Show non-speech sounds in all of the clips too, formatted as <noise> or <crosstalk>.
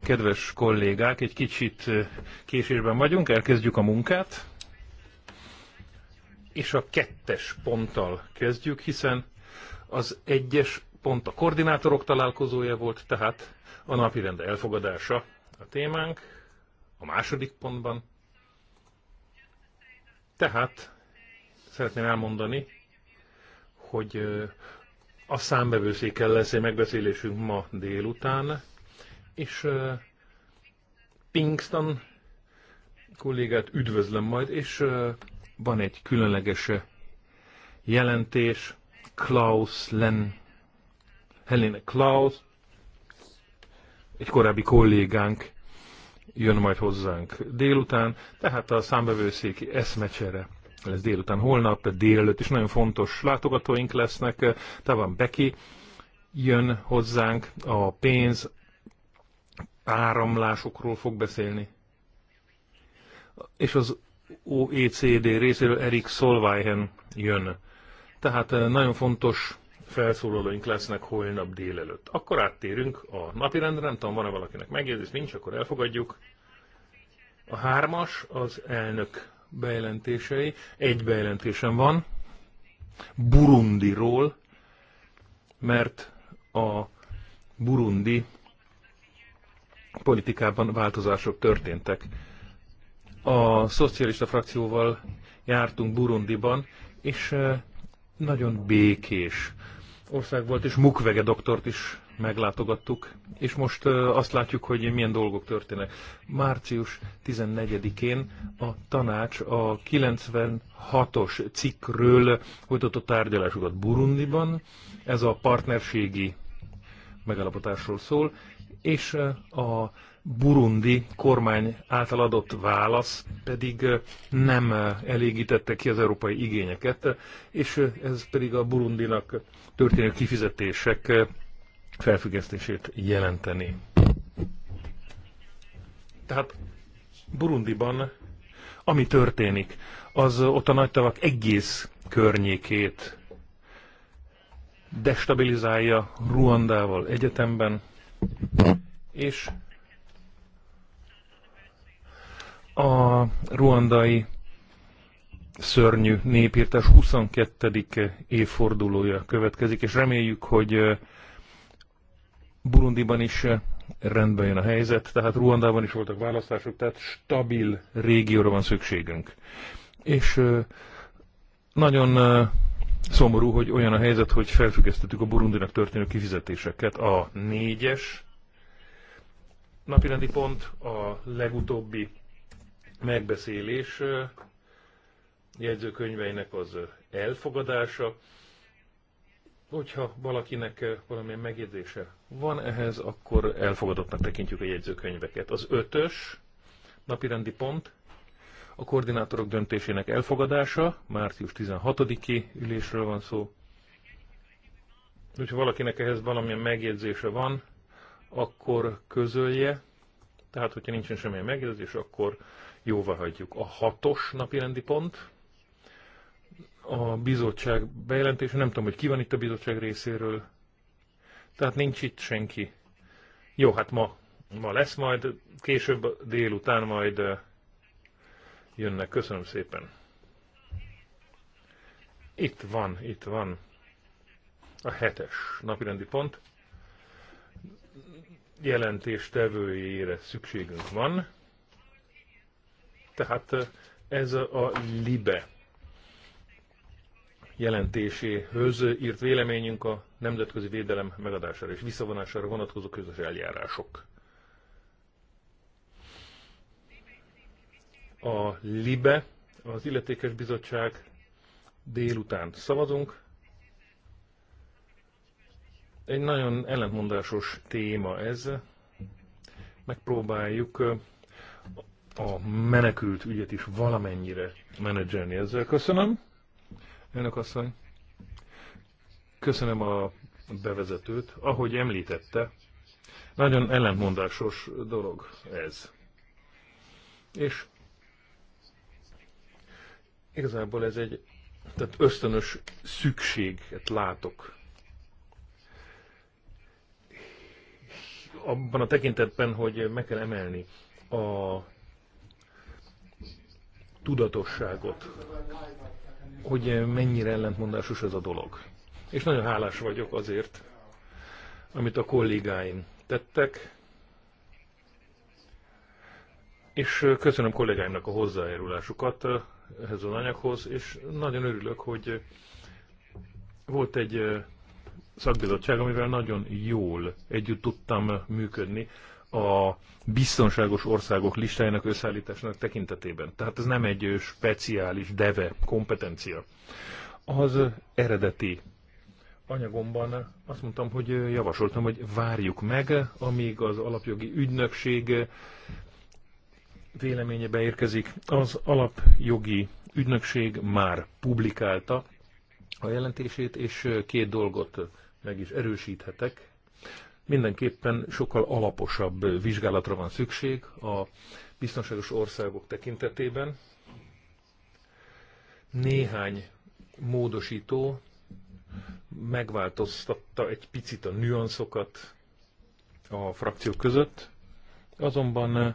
Kedves kollégák, egy kicsit eh, késésben vagyunk, elkezdjük a munkát, és a kettes ponttal kezdjük, hiszen az egyes pont a koordinátorok találkozója volt, tehát a napirend elfogadása a témánk a második pontban. Tehát szeretném elmondani, hogy eh, a számbevőszékkel lesz egy megbeszélésünk ma délután, és Pinkston kollégát üdvözlöm majd, és van egy különleges jelentés, Klaus Len, Helene Klaus, egy korábbi kollégánk jön majd hozzánk délután, tehát a számbevőszéki eszmecsere lesz délután, holnap, délelőtt is nagyon fontos látogatóink lesznek. Taván Beki jön hozzánk, a pénz áramlásokról fog beszélni. És az OECD részéről Erik Solvayhen jön. Tehát eh, nagyon fontos felszólalóink lesznek holnap délelőtt. Akkor áttérünk a napirendre, nem tudom, van-e valakinek megjegyzés, nincs, akkor elfogadjuk. A hármas az elnök bejelentései. Egy bejelentésem van, Burundiról, mert a Burundi politikában változások történtek. A szocialista frakcióval jártunk Burundiban, és eh, nagyon békés ország volt, és Mukwege doktort is meglátogattuk, és most azt látjuk, hogy milyen dolgok történnek. Március 14-én a tanács a 96-os cikkről folytatott tárgyalásokat Burundiban, ez a partnerségi megalapotásról szól, és a burundi kormány által adott válasz pedig nem elégítette ki az európai igényeket, és ez pedig a burundinak történő kifizetések felfüggesztését jelenteni. Tehát Burundiban, ami történik, az ott a tavak egész környékét destabilizálja Ruandával egyetemben, és a ruandai szörnyű népírtás 22. évfordulója következik, és reméljük, hogy Burundiban is eh, rendben jön a helyzet, tehát Ruandában is voltak választások, tehát stabil régióra van szükségünk. És eh, nagyon eh, szomorú, hogy olyan a helyzet, hogy felfüggesztettük a Burundinak történő kifizetéseket. A négyes napirendi pont, a legutóbbi megbeszélés jegyzőkönyveinek az elfogadása. Hogyha valakinek valamilyen megjegyzése van ehhez, akkor elfogadottnak tekintjük a jegyzőkönyveket. Az ötös napirendi pont a koordinátorok döntésének elfogadása, március 16-i ülésről van szó. Úgyhogy valakinek ehhez valamilyen megjegyzése van, akkor közölje. Tehát, hogyha nincsen semmilyen megjegyzés, akkor jóvá hagyjuk. A hatos napirendi pont, a bizottság bejelentése, nem tudom, hogy ki van itt a bizottság részéről, tehát nincs itt senki. Jó, hát ma, ma lesz majd, később délután majd jönnek. Köszönöm szépen. Itt van, itt van a hetes napirendi pont. Jelentéstevőjére szükségünk van. Tehát ez a libe jelentéséhöz írt véleményünk a nemzetközi védelem megadására és visszavonására vonatkozó közös eljárások. A LIBE, az illetékes bizottság délután szavazunk. Egy nagyon ellentmondásos téma ez. Megpróbáljuk a menekült ügyet is valamennyire menedzselni ezzel. Köszönöm. Önök asszony, köszönöm a bevezetőt. Ahogy említette, nagyon ellentmondásos dolog ez. És igazából ez egy tehát ösztönös szükséget látok. Abban a tekintetben, hogy meg kell emelni a tudatosságot hogy mennyire ellentmondásos ez a dolog. És nagyon hálás vagyok azért, amit a kollégáim tettek, és köszönöm kollégáimnak a hozzájárulásukat ehhez az anyaghoz, és nagyon örülök, hogy volt egy szakbizottság, amivel nagyon jól együtt tudtam működni a biztonságos országok listájának összeállításának tekintetében. Tehát ez nem egy speciális deve kompetencia. Az eredeti anyagomban azt mondtam, hogy javasoltam, hogy várjuk meg, amíg az alapjogi ügynökség véleménye beérkezik. Az alapjogi ügynökség már publikálta a jelentését, és két dolgot meg is erősíthetek mindenképpen sokkal alaposabb vizsgálatra van szükség a biztonságos országok tekintetében. Néhány módosító megváltoztatta egy picit a nüanszokat a frakciók között, azonban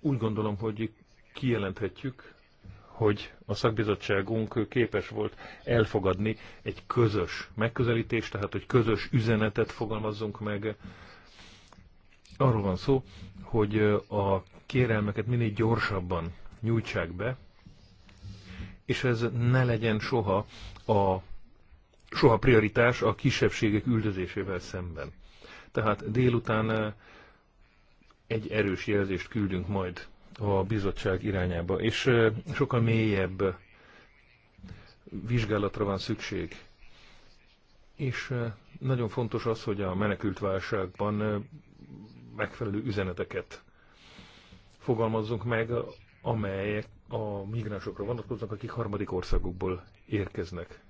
úgy gondolom, hogy kijelenthetjük, hogy a szakbizottságunk képes volt elfogadni egy közös megközelítést, tehát hogy közös üzenetet fogalmazzunk meg. Arról van szó, hogy a kérelmeket minél gyorsabban nyújtsák be, és ez ne legyen soha a soha prioritás a kisebbségek üldözésével szemben. Tehát délután eh, egy erős jelzést küldünk majd a bizottság irányába, és sokkal mélyebb vizsgálatra van szükség. És nagyon fontos az, hogy a menekült válságban megfelelő üzeneteket fogalmazzunk meg, amelyek a migránsokra vonatkoznak, akik harmadik országokból érkeznek.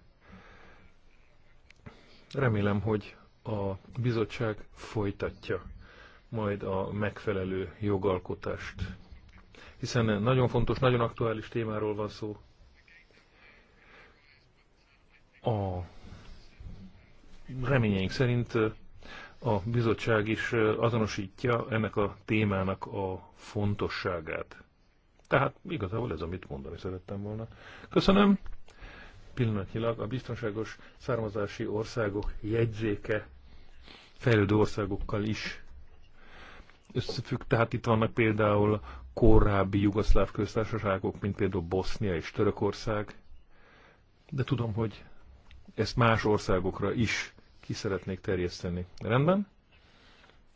Remélem, hogy a bizottság folytatja majd a megfelelő jogalkotást hiszen nagyon fontos, nagyon aktuális témáról van szó. A reményeink szerint a bizottság is azonosítja ennek a témának a fontosságát. Tehát igazából ez, amit mondani szerettem volna. Köszönöm. Pillanatnyilag a biztonságos származási országok jegyzéke fejlődő országokkal is összefügg. Tehát itt vannak például korábbi jugoszláv köztársaságok, mint például Bosznia és Törökország, de tudom, hogy ezt más országokra is ki szeretnék terjeszteni. Rendben?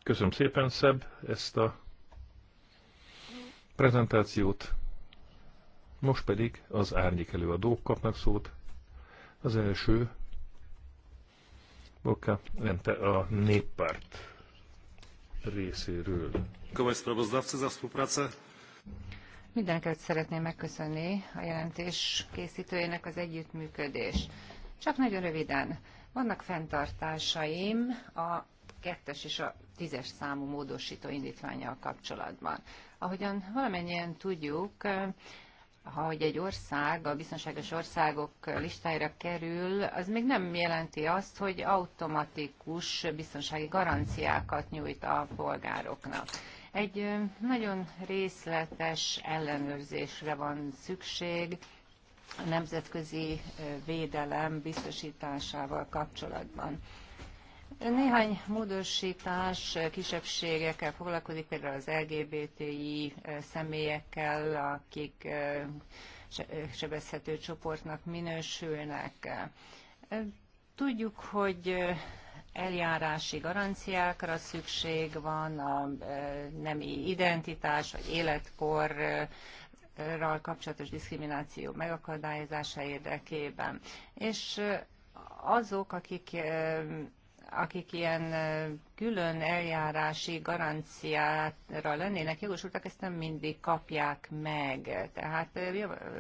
Köszönöm szépen, Szebb, ezt a prezentációt. Most pedig az árnyék előadók kapnak szót. Az első, Boka, Rente a néppárt részéről. Köszönöm, Mindenkelt szeretném megköszönni a jelentés készítőjének az együttműködés. Csak nagyon röviden. Vannak fenntartásaim a kettes és a tízes számú módosító indítványjal kapcsolatban. Ahogyan valamennyien tudjuk, ha hogy egy ország a biztonságos országok listájára kerül, az még nem jelenti azt, hogy automatikus biztonsági garanciákat nyújt a polgároknak. Egy nagyon részletes ellenőrzésre van szükség a nemzetközi védelem biztosításával kapcsolatban. Néhány módosítás kisebbségekkel foglalkozik, például az LGBTI személyekkel, akik sebezhető csoportnak minősülnek. Tudjuk, hogy eljárási garanciákra szükség van, a e, nemi identitás vagy életkor kapcsolatos diszkrimináció megakadályozása érdekében. És e, azok, akik e, akik ilyen külön eljárási garanciára lennének jogosultak, ezt nem mindig kapják meg. Tehát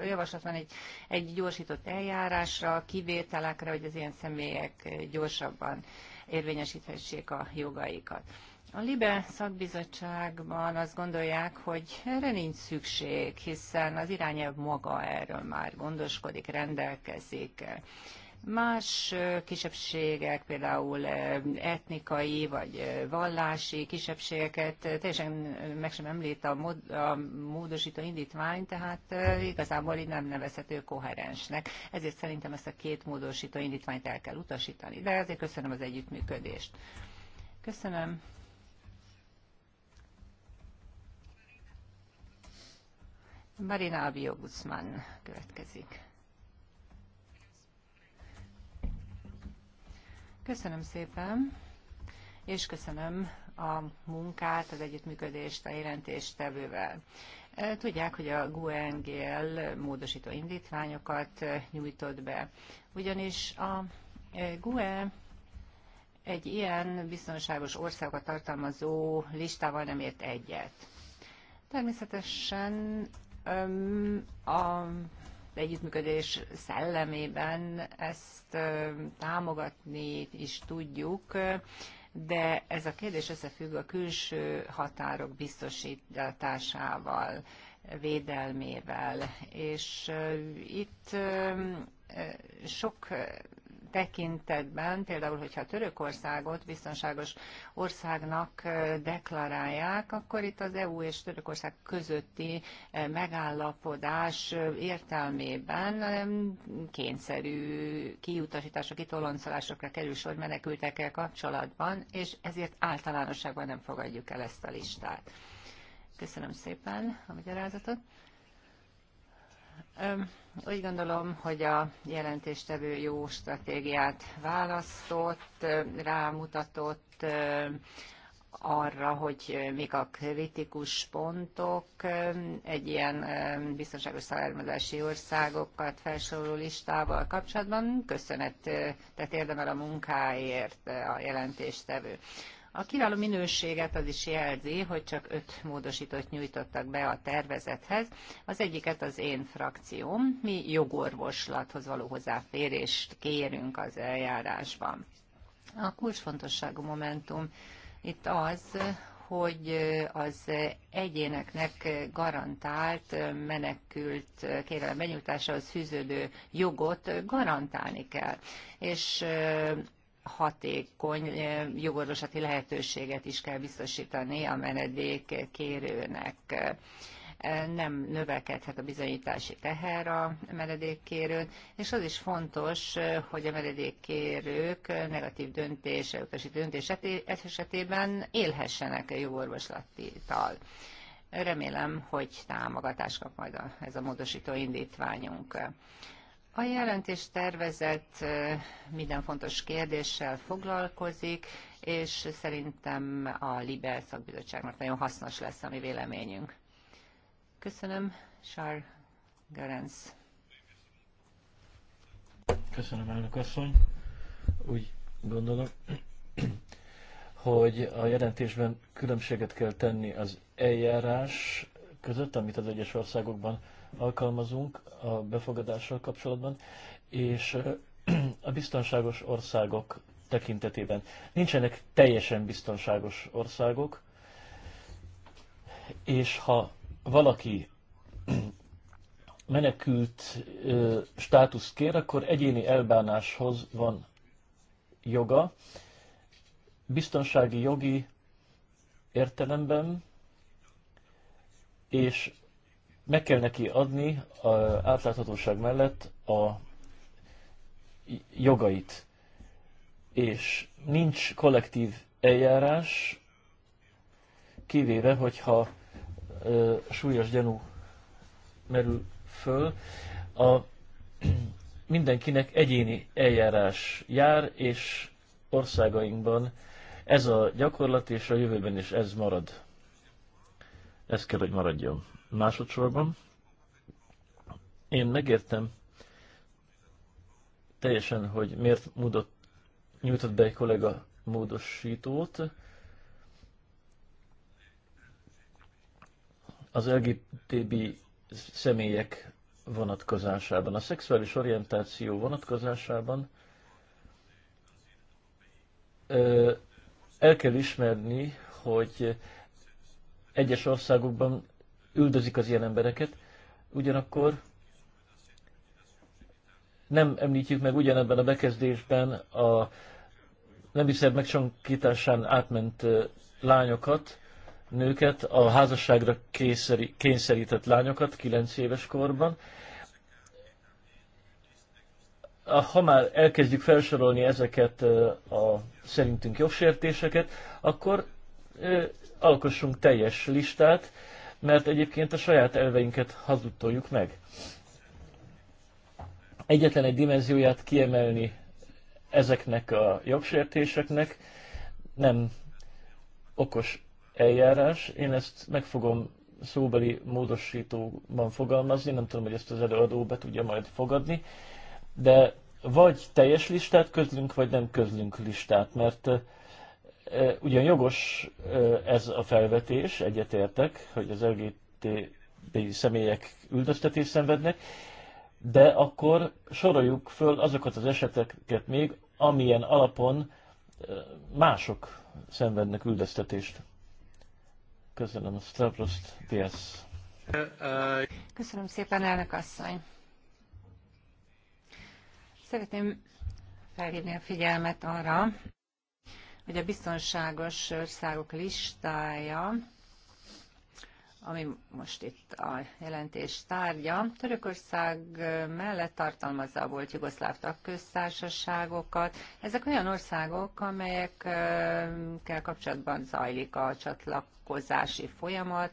javaslat van egy, egy gyorsított eljárásra, kivételekre, hogy az ilyen személyek gyorsabban érvényesíthessék a jogaikat. A LIBE szakbizottságban azt gondolják, hogy erre nincs szükség, hiszen az irányelv maga erről már gondoskodik, rendelkezik. Más kisebbségek, például etnikai vagy vallási kisebbségeket teljesen meg sem említ a, mód, a módosító indítvány, tehát igazából így nem nevezhető koherensnek. Ezért szerintem ezt a két módosító indítványt el kell utasítani. De ezért köszönöm az együttműködést. Köszönöm. Marina Abio Guzmán következik. Köszönöm szépen, és köszönöm a munkát, az együttműködést a jelentéstevővel. E, tudják, hogy a GUNGL módosító indítványokat e, nyújtott be, ugyanis a e, GUE egy ilyen biztonságos országokat tartalmazó listával nem ért egyet. Természetesen a együttműködés szellemében ezt támogatni is tudjuk, de ez a kérdés összefügg a külső határok biztosításával, védelmével, és itt sok tekintetben, például, hogyha Törökországot biztonságos országnak deklarálják, akkor itt az EU és Törökország közötti megállapodás értelmében kényszerű kiutasításra, kitoloncolásokra kerül sor menekültekkel kapcsolatban, és ezért általánosságban nem fogadjuk el ezt a listát. Köszönöm szépen a magyarázatot. Úgy gondolom, hogy a jelentéstevő jó stratégiát választott, rámutatott arra, hogy mik a kritikus pontok egy ilyen biztonságos származási országokat felsoroló listával kapcsolatban. köszönet, tehát érdemel a munkáért a jelentéstevő. A kiváló minőséget az is jelzi, hogy csak öt módosítót nyújtottak be a tervezethez. Az egyiket az én frakcióm. Mi jogorvoslathoz való hozzáférést kérünk az eljárásban. A kulcsfontosságú momentum itt az, hogy az egyéneknek garantált menekült kérelem benyújtásához fűződő jogot garantálni kell. És hatékony jogorvosati lehetőséget is kell biztosítani a menedék kérőnek. Nem növekedhet a bizonyítási teher a menedékkérőn, és az is fontos, hogy a menedékkérők negatív döntése, utasító döntés esetében élhessenek jogorvoslattal. Remélem, hogy támogatást kap majd a, ez a módosító indítványunk. A jelentés tervezett minden fontos kérdéssel foglalkozik, és szerintem a Libe szakbizottságnak nagyon hasznos lesz a mi véleményünk. Köszönöm, Sár Gerenc. Köszönöm, elnök asszony. Úgy gondolom, <clears throat> hogy a jelentésben különbséget kell tenni az eljárás között, amit az egyes országokban alkalmazunk a befogadással kapcsolatban, és <clears throat> a biztonságos országok tekintetében. Nincsenek teljesen biztonságos országok, és ha valaki <clears throat> menekült státuszt kér, akkor egyéni elbánáshoz van joga. Biztonsági jogi értelemben és meg kell neki adni a átláthatóság mellett a jogait. És nincs kollektív eljárás, kivéve, hogyha ö, súlyos gyanú merül föl, a <clears throat> mindenkinek egyéni eljárás jár, és országainkban ez a gyakorlat, és a jövőben is ez marad. Ez kell, hogy maradjon. Másodszorban én megértem teljesen, hogy miért módott, nyújtott be egy kollega módosítót. Az LGTB személyek vonatkozásában, a szexuális orientáció vonatkozásában el kell ismerni, hogy egyes országokban üldözik az ilyen embereket, ugyanakkor nem említjük meg ugyanebben a bekezdésben a nem hiszem megcsonkításán átment lányokat, nőket, a házasságra kényszeri, kényszerített lányokat 9 éves korban. Ha már elkezdjük felsorolni ezeket a szerintünk jogsértéseket, akkor alkossunk teljes listát, mert egyébként a saját elveinket hazudtoljuk meg. Egyetlen egy dimenzióját kiemelni ezeknek a jogsértéseknek nem okos eljárás. Én ezt meg fogom szóbeli módosítóban fogalmazni, nem tudom, hogy ezt az előadó be tudja majd fogadni, de vagy teljes listát közlünk, vagy nem közlünk listát, mert Ugyan jogos ez a felvetés, egyetértek, hogy az LGT személyek üldöztetést szenvednek, de akkor soroljuk föl azokat az eseteket még, amilyen alapon mások szenvednek üldöztetést. Köszönöm, Stavros Diaz. Köszönöm szépen, elnök asszony. Szeretném felhívni a figyelmet arra, hogy a biztonságos országok listája, ami most itt a jelentés tárgya, Törökország mellett tartalmazza a volt jugoszláv tagköztársaságokat. Ezek olyan országok, amelyekkel kapcsolatban zajlik a csatlakozási folyamat.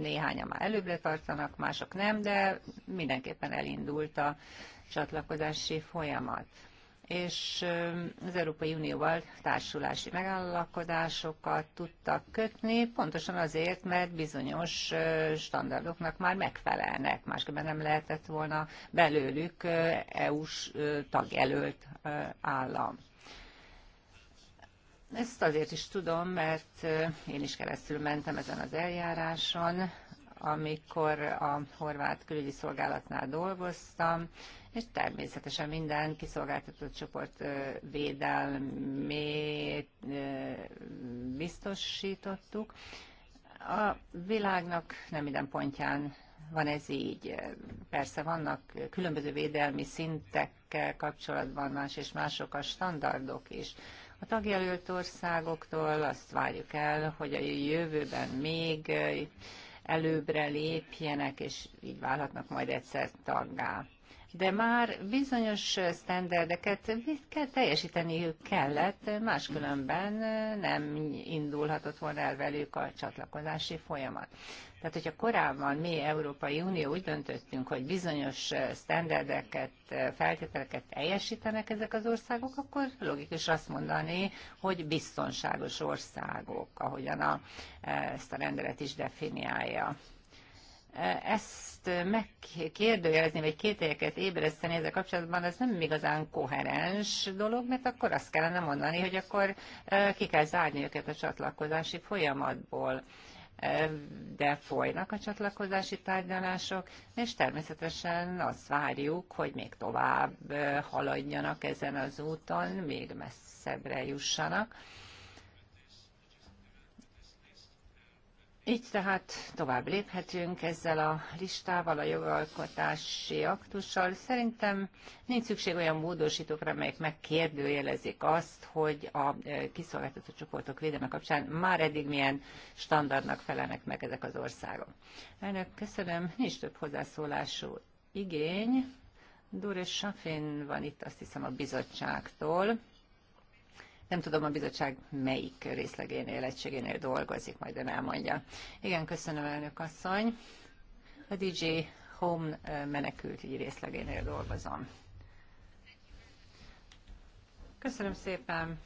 Néhányan már előbbre tartanak, mások nem, de mindenképpen elindult a csatlakozási folyamat és az Európai Unióval társulási megállapodásokat tudtak kötni, pontosan azért, mert bizonyos standardoknak már megfelelnek, másképpen nem lehetett volna belőlük EU-s tagjelölt állam. Ezt azért is tudom, mert én is keresztül mentem ezen az eljáráson, amikor a horvát külügyi szolgálatnál dolgoztam, és természetesen minden kiszolgáltatott csoport védelmét biztosítottuk. A világnak nem minden pontján van ez így. Persze vannak különböző védelmi szintekkel kapcsolatban más és mások a standardok is. A tagjelölt országoktól azt várjuk el, hogy a jövőben még előbbre lépjenek, és így válhatnak majd egyszer taggá. De már bizonyos sztenderdeket kell teljesíteni kellett, máskülönben nem indulhatott volna el velük a csatlakozási folyamat. Tehát, hogyha korábban mi Európai Unió úgy döntöttünk, hogy bizonyos eh, standardeket, eh, feltételeket teljesítenek ezek az országok, akkor logikus azt mondani, hogy biztonságos országok, ahogyan a, eh, ezt a rendelet is definiálja ezt megkérdőjelezni, vagy kételyeket ébreszteni ezzel kapcsolatban, az nem igazán koherens dolog, mert akkor azt kellene mondani, hogy akkor ki kell zárni őket a csatlakozási folyamatból de folynak a csatlakozási tárgyalások, és természetesen azt várjuk, hogy még tovább haladjanak ezen az úton, még messzebbre jussanak Így tehát tovább léphetünk ezzel a listával, a jogalkotási aktussal. Szerintem nincs szükség olyan módosítókra, amelyek megkérdőjelezik azt, hogy a e, kiszolgáltatott csoportok védelme kapcsán már eddig milyen standardnak felelnek meg ezek az országok. Elnök, köszönöm, nincs több hozzászólású igény. Dóris Safin van itt, azt hiszem, a bizottságtól. Nem tudom, a bizottság melyik részlegénél, egységénél dolgozik, majd ön elmondja. Igen, köszönöm, elnök asszony. A DJ Home így részlegénél dolgozom. Köszönöm szépen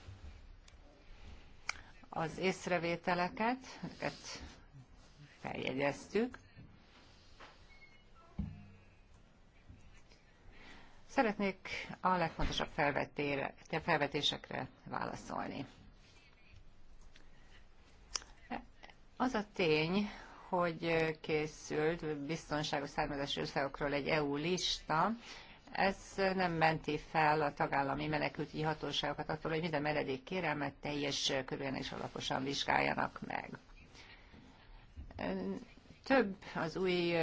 az észrevételeket, ezeket feljegyeztük. Szeretnék a legfontosabb felvetésekre válaszolni. Az a tény, hogy készült biztonságos származási országokról egy EU lista, ez nem menti fel a tagállami menekültügyi hatóságokat attól, hogy minden meredék kérelmet teljes körülön és alaposan vizsgáljanak meg. Több az új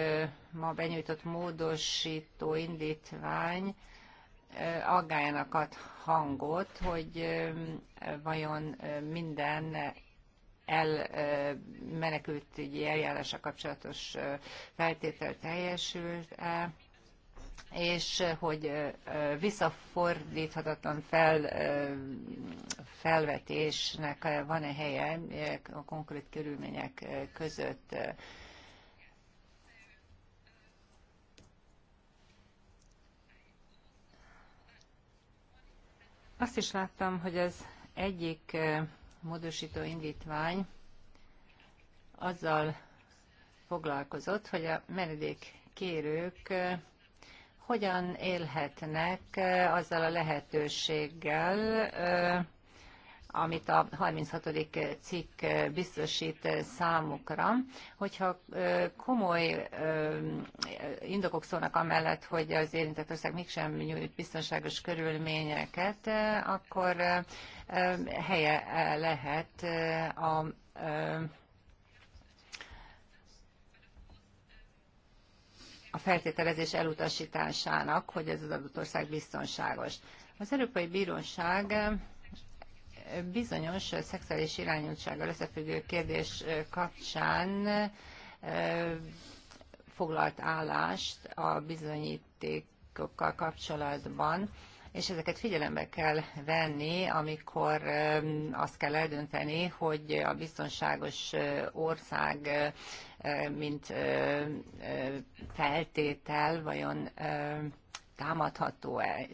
ma benyújtott módosító indítvány aggájának ad hangot, hogy vajon minden el ügyi eljárása kapcsolatos feltétel teljesült-e, és hogy visszafordíthatatlan fel, felvetésnek van-e helye a konkrét körülmények között. Azt is láttam, hogy az egyik módosító indítvány azzal foglalkozott, hogy a meredék kérők hogyan élhetnek azzal a lehetőséggel, amit a 36. cikk biztosít számukra, hogyha komoly indokok szólnak amellett, hogy az érintett ország mégsem nyújt biztonságos körülményeket, akkor helye lehet a a feltételezés elutasításának, hogy ez az adott ország biztonságos. Az Európai Bíróság bizonyos szexuális irányultsággal összefüggő kérdés kapcsán foglalt állást a bizonyítékokkal kapcsolatban, és ezeket figyelembe kell venni, amikor azt kell eldönteni, hogy a biztonságos ország, mint feltétel, vajon támadható-e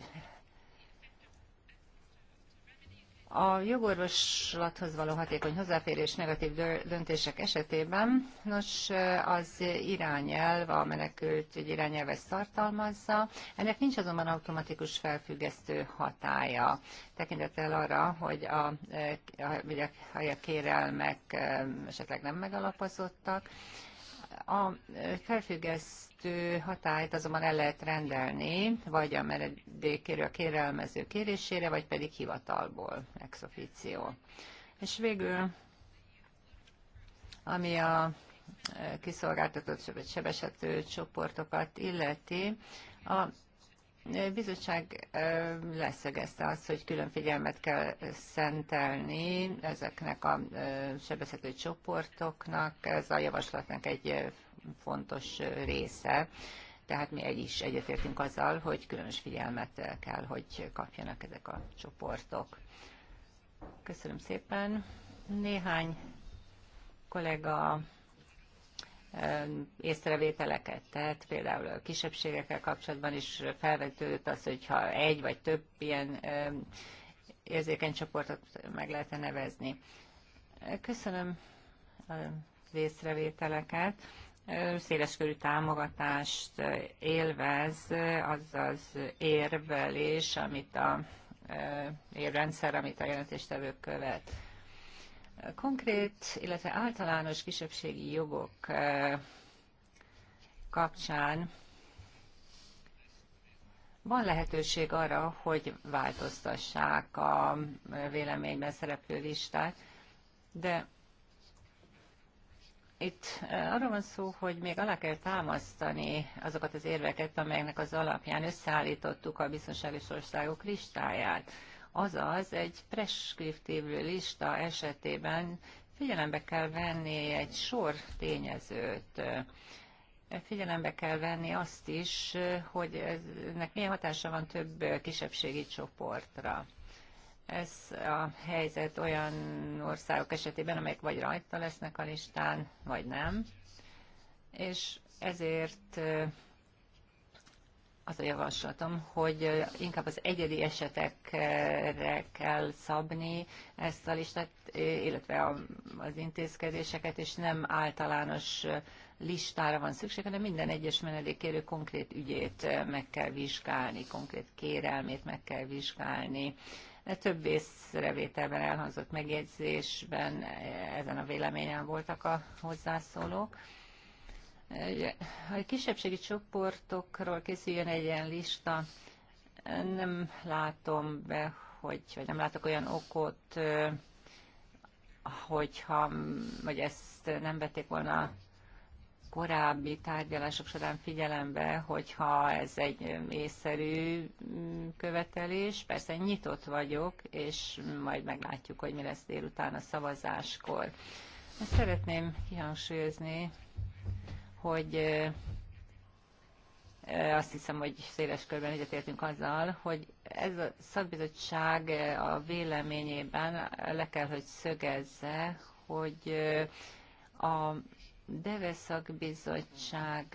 a jogorvoslathoz való hatékony hozzáférés negatív döntések esetében, nos, az irányelv, a menekült egy irányelve tartalmazza, ennek nincs azonban automatikus felfüggesztő hatája. Tekintettel arra, hogy a, eh, a, a kérelmek eh, esetleg nem megalapozottak, a eh, felfüggesztő kötő hatályt azonban el lehet rendelni, vagy a meredékéről a kérelmező kérésére, vagy pedig hivatalból, ex officio. És végül, ami a e, kiszolgáltatott sebesető csoportokat illeti, a bizottság e, leszögezte azt, hogy külön figyelmet kell szentelni ezeknek a e, sebezhető csoportoknak. Ez a javaslatnak egy fontos része. Tehát mi egy is egyetértünk azzal, hogy különös figyelmet kell, hogy kapjanak ezek a csoportok. Köszönöm szépen. Néhány kollega észrevételeket tett, például a kisebbségekkel kapcsolatban is felvetődött az, hogyha egy vagy több ilyen érzékeny csoportot meg lehetne nevezni. Köszönöm az észrevételeket széleskörű támogatást élvez az az érvelés, amit a érrendszer, amit a jelentéstevők követ. Konkrét, illetve általános kisebbségi jogok kapcsán van lehetőség arra, hogy változtassák a véleményben szereplő listát, de itt arról van szó, hogy még alá kell támasztani azokat az érveket, amelyeknek az alapján összeállítottuk a biztonságos országok listáját. Azaz egy preskriptív lista esetében figyelembe kell venni egy sor tényezőt. Figyelembe kell venni azt is, hogy ennek milyen hatása van több kisebbségi csoportra. Ez a helyzet olyan országok esetében, amelyek vagy rajta lesznek a listán, vagy nem. És ezért az a javaslatom, hogy inkább az egyedi esetekre kell szabni ezt a listát, illetve az intézkedéseket, és nem általános listára van szükség, hanem minden egyes menedékérő konkrét ügyét meg kell vizsgálni, konkrét kérelmét meg kell vizsgálni, több észrevételben elhangzott megjegyzésben eh, ezen a véleményen voltak a hozzászólók. A kisebbségi csoportokról készüljön egy ilyen lista. Nem látom be, hogy, vagy nem látok olyan okot, eh, hogyha, vagy ezt nem vették volna korábbi tárgyalások során figyelembe, hogyha ez egy um, észszerű um, követelés. Persze nyitott vagyok, és majd meglátjuk, hogy mi lesz délután a szavazáskor. Ezt szeretném kihangsúlyozni, hogy uh, azt hiszem, hogy széles körben egyetértünk azzal, hogy ez a szakbizottság uh, a véleményében le kell, hogy szögezze, hogy uh, a DEVE szakbizottság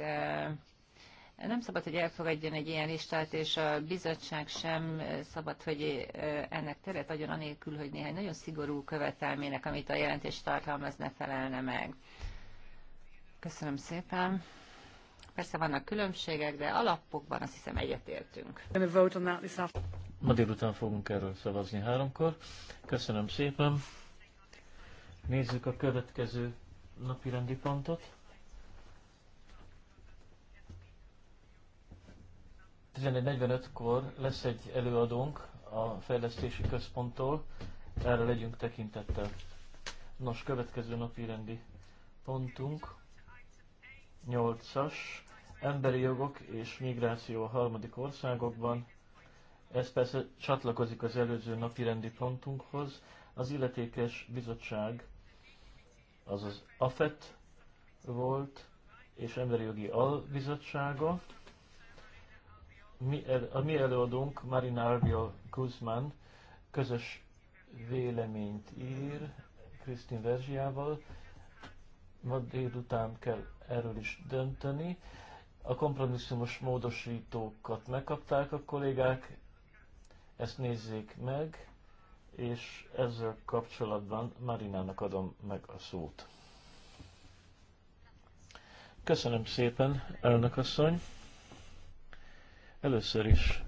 nem szabad, hogy elfogadjon egy ilyen listát, és a bizottság sem szabad, hogy ennek teret adjon anélkül, hogy néhány nagyon szigorú követelmének, amit a jelentés tartalmaz, ne felelne meg. Köszönöm szépen. Persze vannak különbségek, de alapokban azt hiszem egyetértünk. Ma délután fogunk erről szavazni háromkor. Köszönöm szépen. Nézzük a következő napi rendi pontot. 11.45-kor lesz egy előadónk a fejlesztési központtól, erre legyünk tekintettel. Nos, következő napi rendi pontunk, 8-as, emberi jogok és migráció a harmadik országokban. Ez persze csatlakozik az előző napi rendi pontunkhoz. Az illetékes bizottság az az AFET volt, és Emberi Jogi Albizottsága. Mi, el, a mi előadónk, Marina Arbio Guzman, közös véleményt ír Krisztin Verzsiával. Ma délután kell erről is dönteni. A kompromisszumos módosítókat megkapták a kollégák, ezt nézzék meg és ezzel kapcsolatban Marinának adom meg a szót. Köszönöm szépen, elnök asszony. Először is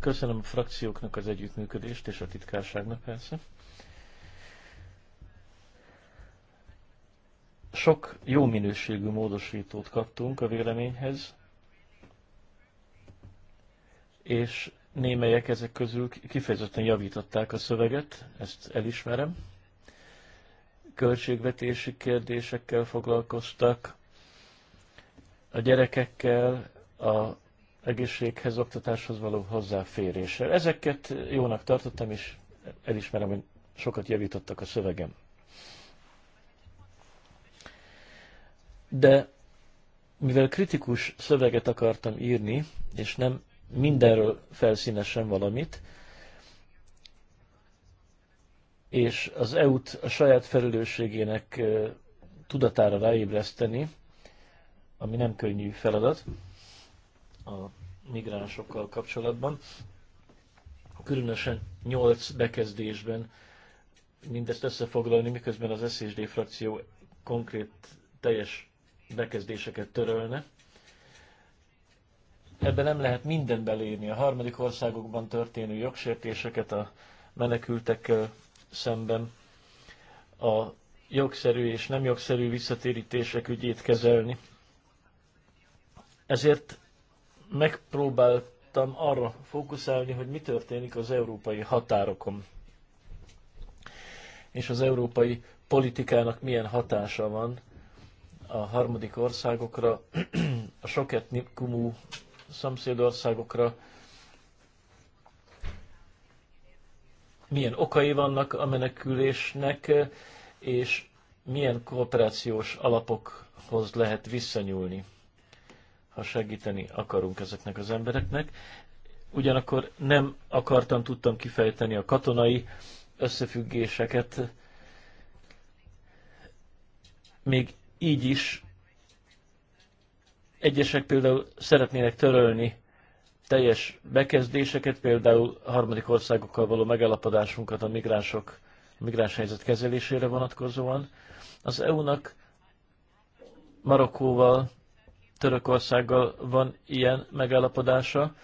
köszönöm a frakcióknak az együttműködést, és a titkárságnak persze. Sok jó minőségű módosítót kaptunk a véleményhez, és némelyek ezek közül kifejezetten javították a szöveget, ezt elismerem. Költségvetési kérdésekkel foglalkoztak, a gyerekekkel, a egészséghez, oktatáshoz való hozzáféréssel. Ezeket jónak tartottam, és elismerem, hogy sokat javítottak a szövegem. De mivel kritikus szöveget akartam írni, és nem mindenről felszínesen valamit, és az EU-t a saját felelősségének tudatára ráébreszteni, ami nem könnyű feladat a migránsokkal kapcsolatban. Különösen nyolc bekezdésben mindezt összefoglalni, miközben az SZSD frakció konkrét teljes bekezdéseket törölne ebbe nem lehet mindent belérni. A harmadik országokban történő jogsértéseket a menekültekkel szemben a jogszerű és nem jogszerű visszatérítések ügyét kezelni. Ezért megpróbáltam arra fókuszálni, hogy mi történik az európai határokon, és az európai politikának milyen hatása van a harmadik országokra, <clears throat> a etnikumú szomszédországokra, milyen okai vannak a menekülésnek, és milyen kooperációs alapokhoz lehet visszanyúlni, ha segíteni akarunk ezeknek az embereknek. Ugyanakkor nem akartam, tudtam kifejteni a katonai összefüggéseket, még így is Egyesek például szeretnének törölni teljes bekezdéseket, például harmadik országokkal való megállapodásunkat a migránsok, a migráns helyzet kezelésére vonatkozóan. Az EU-nak Marokkóval, Törökországgal van ilyen megállapodása.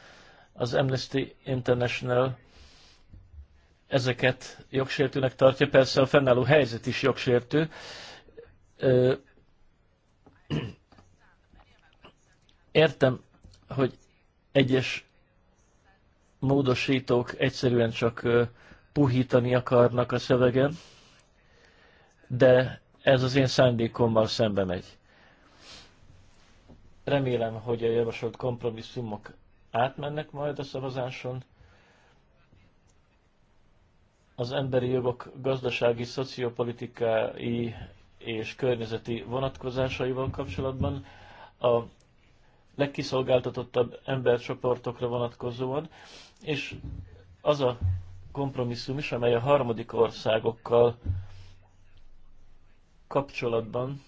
Az Amnesty International ezeket jogsértőnek tartja, persze a fennálló helyzet is jogsértő. Értem, hogy egyes módosítók egyszerűen csak puhítani akarnak a szövegen, de ez az én szándékommal szembe megy. Remélem, hogy a javasolt kompromisszumok átmennek majd a szavazáson. Az emberi jogok gazdasági, szociopolitikai és környezeti vonatkozásaival kapcsolatban a legkiszolgáltatottabb embercsoportokra vonatkozóan, és az a kompromisszum is, amely a harmadik országokkal kapcsolatban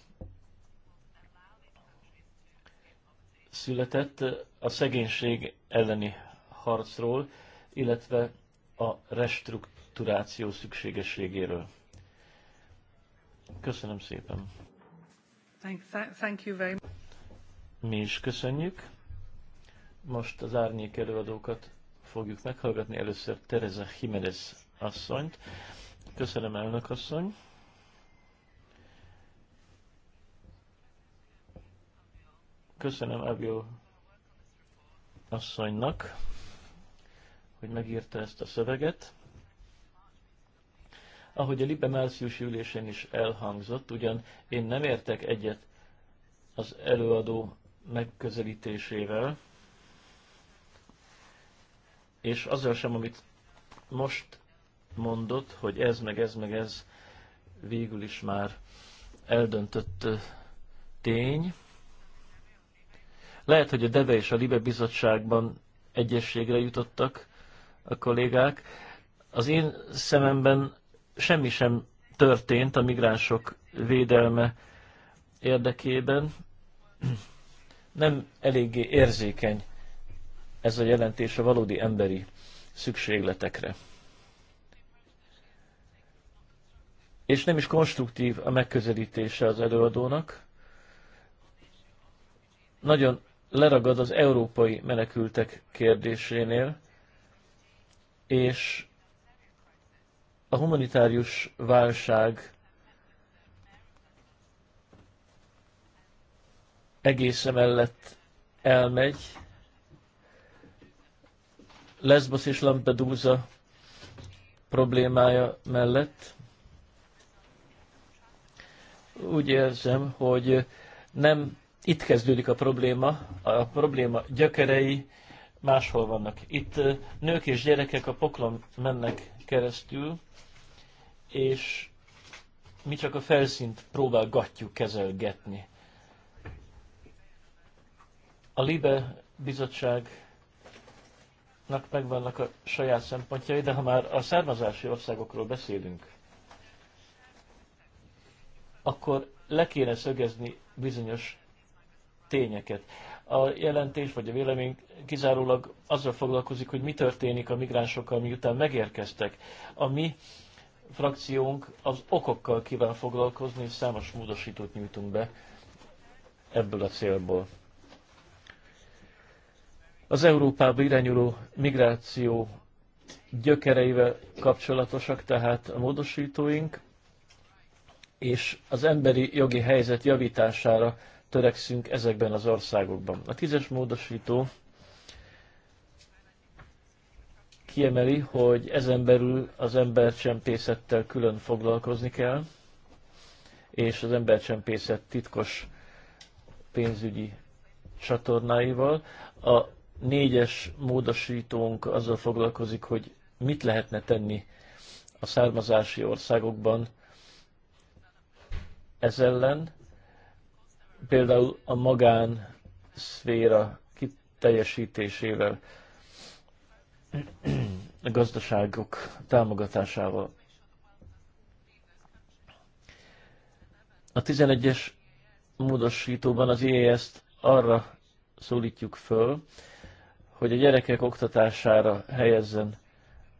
született a szegénység elleni harcról, illetve a restrukturáció szükségességéről. Köszönöm szépen. Thank, thank you very much. Mi is köszönjük. Most az árnyék előadókat fogjuk meghallgatni. Először Teresa Jiménez asszonyt. Köszönöm, elnök asszony. Köszönöm Abió asszonynak, hogy megírta ezt a szöveget. Ahogy a Libe márciusi ülésén is elhangzott, ugyan én nem értek egyet az előadó megközelítésével, és azzal sem, amit most mondott, hogy ez, meg ez, meg ez végül is már eldöntött tény. Lehet, hogy a DEVE és a LIBE bizottságban egyességre jutottak a kollégák. Az én szememben semmi sem történt a migránsok védelme érdekében nem eléggé érzékeny ez a jelentés a valódi emberi szükségletekre. És nem is konstruktív a megközelítése az előadónak. Nagyon leragad az európai menekültek kérdésénél, és a humanitárius válság egész emellett elmegy. Lesbos és Lampedusa problémája mellett. Úgy érzem, hogy nem itt kezdődik a probléma, a probléma gyökerei máshol vannak. Itt nők és gyerekek a poklon mennek keresztül, és mi csak a felszínt próbálgatjuk kezelgetni. A LIBE bizottságnak megvannak a saját szempontjai, de ha már a származási országokról beszélünk, akkor le kéne szögezni bizonyos tényeket. A jelentés vagy a vélemény kizárólag azzal foglalkozik, hogy mi történik a migránsokkal, miután megérkeztek. A mi frakciónk az okokkal kíván foglalkozni, és számos módosítót nyújtunk be ebből a célból az Európába irányuló migráció gyökereivel kapcsolatosak tehát a módosítóink, és az emberi jogi helyzet javítására törekszünk ezekben az országokban. A tízes módosító kiemeli, hogy ezen belül az embercsempészettel külön foglalkozni kell, és az embercsempészet titkos pénzügyi csatornáival. A négyes módosítónk azzal foglalkozik, hogy mit lehetne tenni a származási országokban ez ellen. Például a magán szféra kiteljesítésével, a gazdaságok támogatásával. A 11-es módosítóban az IES-t arra szólítjuk föl, hogy a gyerekek oktatására helyezzen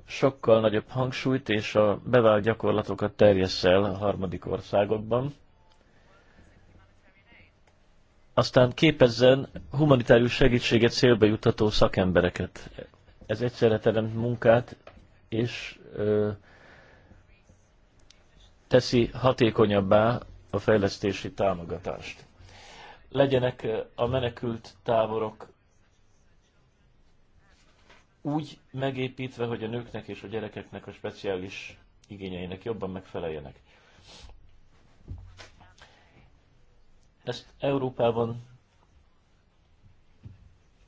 sokkal nagyobb hangsúlyt és a bevált gyakorlatokat terjessz el a harmadik országokban. Aztán képezzen humanitárius segítséget célba juttató szakembereket. Ez egyszerre teremt munkát, és ö, teszi hatékonyabbá a fejlesztési támogatást. Legyenek a menekült táborok úgy megépítve, hogy a nőknek és a gyerekeknek a speciális igényeinek jobban megfeleljenek. Ezt Európában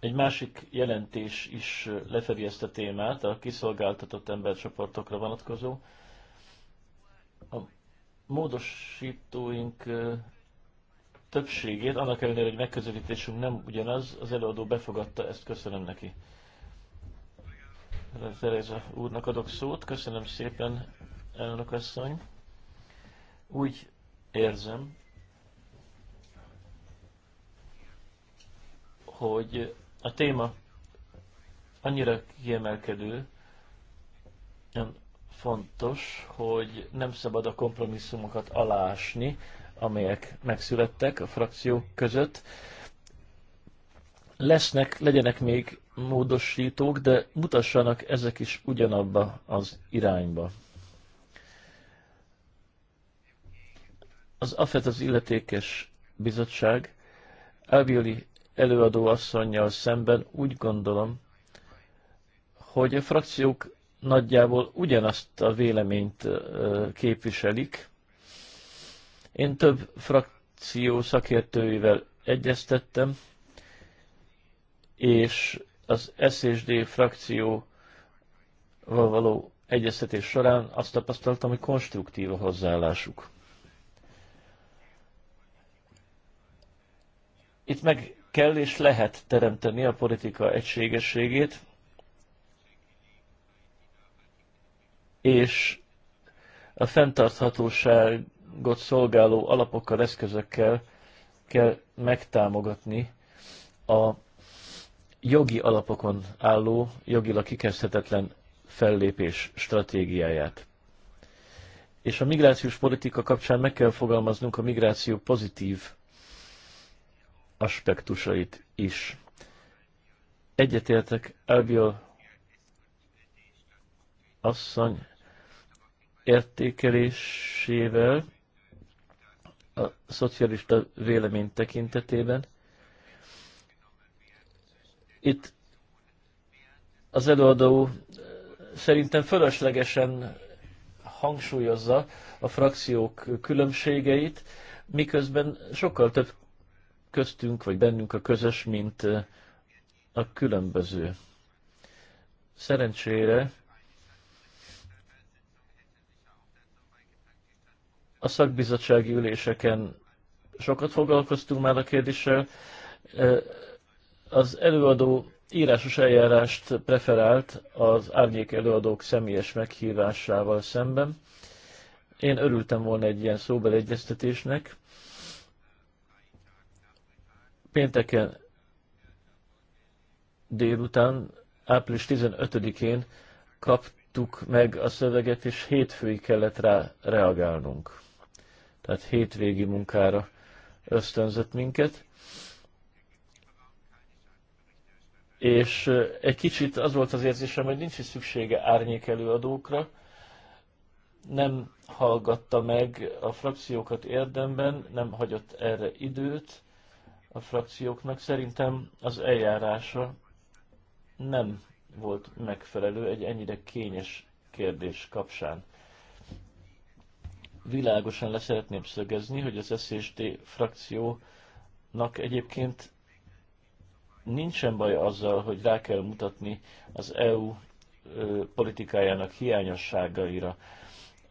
egy másik jelentés is lefedi ezt a témát, a kiszolgáltatott embercsoportokra vonatkozó. A módosítóink többségét, annak ellenére, hogy megközelítésünk nem ugyanaz, az előadó befogadta, ezt köszönöm neki. Tereza úrnak adok szót. Köszönöm szépen, elnök asszony. Úgy érzem, hogy a téma annyira kiemelkedő, nem fontos, hogy nem szabad a kompromisszumokat alásni, amelyek megszülettek a frakciók között. Lesznek, legyenek még módosítók, de mutassanak ezek is ugyanabba az irányba. Az AFET az illetékes bizottság, Elvioli előadó asszonynal szemben úgy gondolom, hogy a frakciók nagyjából ugyanazt a véleményt képviselik. Én több frakció szakértőivel egyeztettem, és az SSD frakcióval való egyeztetés során azt tapasztaltam, hogy konstruktív a hozzáállásuk. Itt meg kell és lehet teremteni a politika egységességét, és a fenntarthatóságot szolgáló alapokkal, eszközökkel kell megtámogatni a jogi alapokon álló, jogilag kikezdhetetlen fellépés stratégiáját. És a migrációs politika kapcsán meg kell fogalmaznunk a migráció pozitív aspektusait is. Egyetértek Albiol asszony értékelésével a szocialista vélemény tekintetében, itt az előadó szerintem fölöslegesen hangsúlyozza a frakciók különbségeit, miközben sokkal több köztünk vagy bennünk a közös, mint a különböző. Szerencsére a szakbizottsági üléseken sokat foglalkoztunk már a kérdéssel, az előadó írásos eljárást preferált az árnyék előadók személyes meghívásával szemben. Én örültem volna egy ilyen szóbelegyeztetésnek. Pénteken délután, április 15-én kaptuk meg a szöveget, és hétfői kellett rá reagálnunk. Tehát hétvégi munkára ösztönzött minket és egy kicsit az volt az érzésem, hogy nincs is szüksége árnyék előadókra, nem hallgatta meg a frakciókat érdemben, nem hagyott erre időt a frakcióknak. Szerintem az eljárása nem volt megfelelő egy ennyire kényes kérdés kapcsán. Világosan leszeretném szögezni, hogy az SZSD frakciónak egyébként nincsen baj azzal, hogy rá kell mutatni az EU politikájának hiányosságaira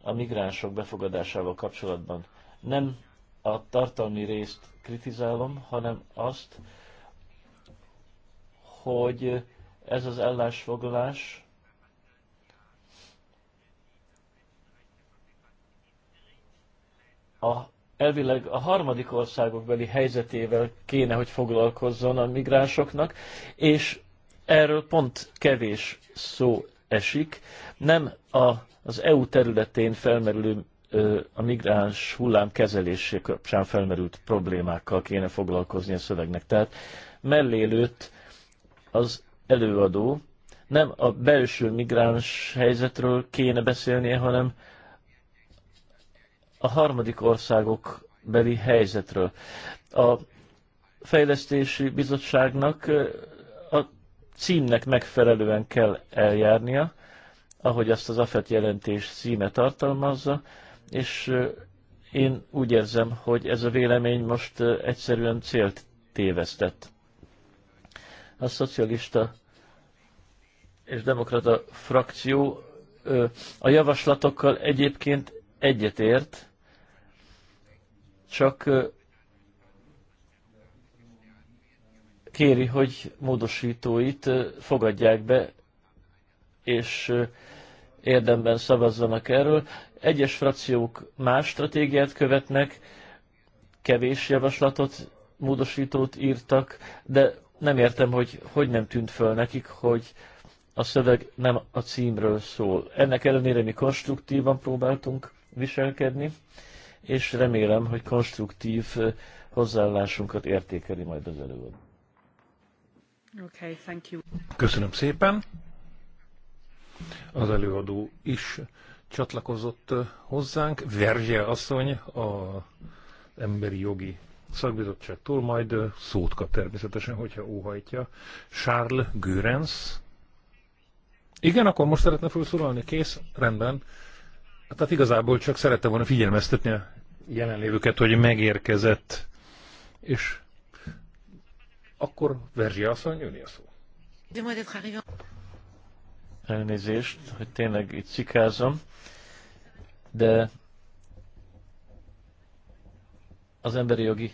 a migránsok befogadásával kapcsolatban. Nem a tartalmi részt kritizálom, hanem azt, hogy ez az ellásfoglalás a elvileg a harmadik országok beli helyzetével kéne, hogy foglalkozzon a migránsoknak, és erről pont kevés szó esik. Nem a, az EU területén felmerülő a migráns hullám kezelésé kapcsán felmerült problémákkal kéne foglalkozni a szövegnek. Tehát mellélőtt az előadó nem a belső migráns helyzetről kéne beszélnie, hanem a harmadik országok beli helyzetről. A fejlesztési bizottságnak a címnek megfelelően kell eljárnia, ahogy azt az AFET jelentés címe tartalmazza, és én úgy érzem, hogy ez a vélemény most egyszerűen célt tévesztett. A szocialista és demokrata frakció a javaslatokkal egyébként egyetért, csak kéri, hogy módosítóit fogadják be, és érdemben szavazzanak erről. Egyes frakciók más stratégiát követnek, kevés javaslatot, módosítót írtak, de nem értem, hogy hogy nem tűnt föl nekik, hogy a szöveg nem a címről szól. Ennek ellenére mi konstruktívan próbáltunk viselkedni, és remélem, hogy konstruktív hozzáállásunkat értékeli majd az előadó. Okay, thank you. Köszönöm szépen. Az előadó is csatlakozott hozzánk. Verzse asszony, a Emberi Jogi Szakbizottságtól, majd szót kap természetesen, hogyha óhajtja. Charles Görenc. Igen, akkor most szeretne felszólalni? Kész? Rendben. tehát hát igazából csak szerettem volna figyelmeztetni a jelenlévőket, hogy megérkezett, és akkor Verzsi asszony, jönni a szó. Elnézést, hogy tényleg itt cikázom, de az Emberi Jogi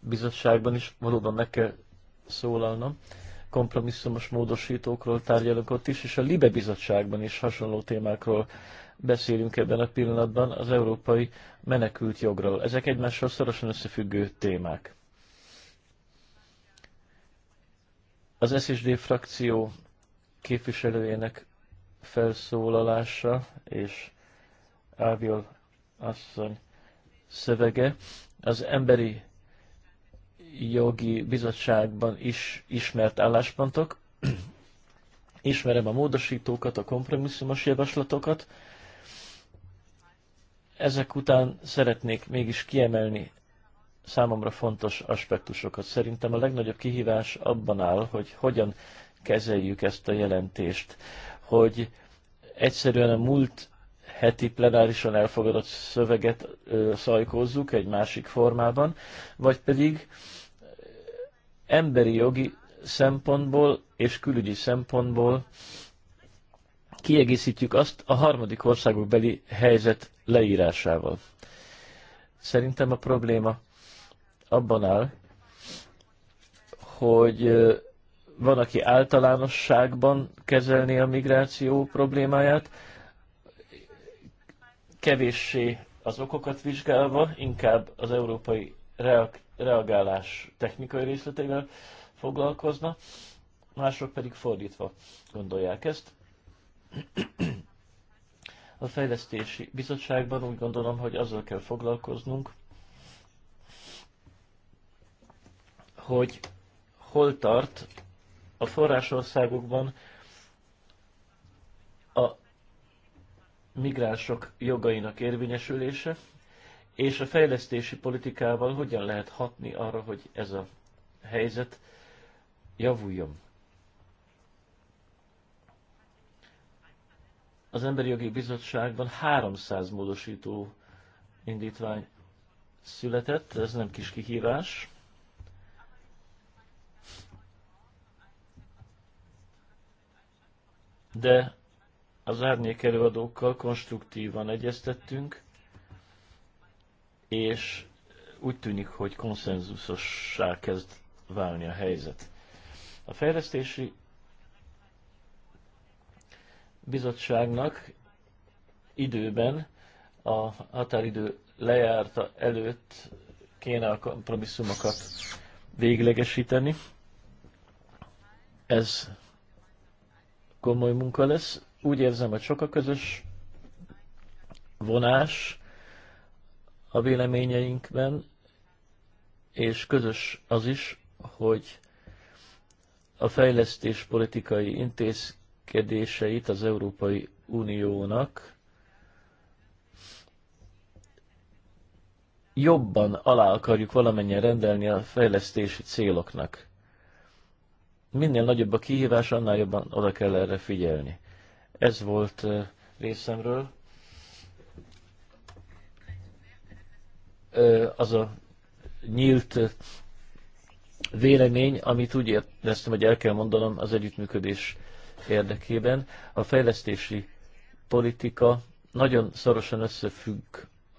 Bizottságban is valóban meg kell szólalnom. Kompromisszumos módosítókról tárgyalok ott is, és a Libe Bizottságban is hasonló témákról beszélünk ebben a pillanatban, az európai menekült jogról. Ezek egymással szorosan összefüggő témák. Az SSD frakció képviselőjének felszólalása és Áviol asszony szövege az emberi jogi bizottságban is ismert álláspontok. Ismerem a módosítókat, a kompromisszumos javaslatokat, ezek után szeretnék mégis kiemelni számomra fontos aspektusokat. Szerintem a legnagyobb kihívás abban áll, hogy hogyan kezeljük ezt a jelentést, hogy egyszerűen a múlt heti plenárison elfogadott szöveget ö, szajkózzuk egy másik formában, vagy pedig emberi jogi szempontból és külügyi szempontból kiegészítjük azt a harmadik országok beli helyzet leírásával. Szerintem a probléma abban áll, hogy van, aki általánosságban kezelni a migráció problémáját, kevéssé az okokat vizsgálva, inkább az európai reagálás technikai részleteivel foglalkozna, mások pedig fordítva gondolják ezt. A fejlesztési bizottságban úgy gondolom, hogy azzal kell foglalkoznunk, hogy hol tart a forrásországokban a migránsok jogainak érvényesülése, és a fejlesztési politikával hogyan lehet hatni arra, hogy ez a helyzet javuljon. Az Emberi Jogi Bizottságban 300 módosító indítvány született, ez nem kis kihívás. De az árnyék előadókkal konstruktívan egyeztettünk, és úgy tűnik, hogy konszenzusossá kezd válni a helyzet. A fejlesztési bizottságnak időben a határidő lejárta előtt kéne a kompromisszumokat véglegesíteni. Ez komoly munka lesz. Úgy érzem, hogy sok a közös vonás a véleményeinkben, és közös az is, hogy a fejlesztés politikai intéz intézkedéseit az Európai Uniónak jobban alá akarjuk valamennyien rendelni a fejlesztési céloknak. Minél nagyobb a kihívás, annál jobban oda kell erre figyelni. Ez volt részemről az a nyílt vélemény, amit úgy éreztem, hogy el kell mondanom az együttműködés érdekében. A fejlesztési politika nagyon szorosan összefügg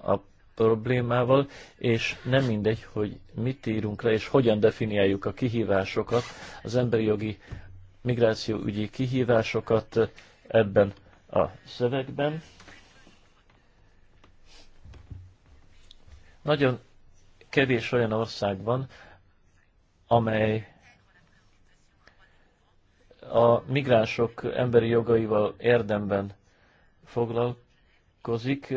a problémával, és nem mindegy, hogy mit írunk le, és hogyan definiáljuk a kihívásokat, az emberi jogi migráció ügyi kihívásokat ebben a szövegben. Nagyon kevés olyan ország van, amely a migránsok emberi jogaival érdemben foglalkozik.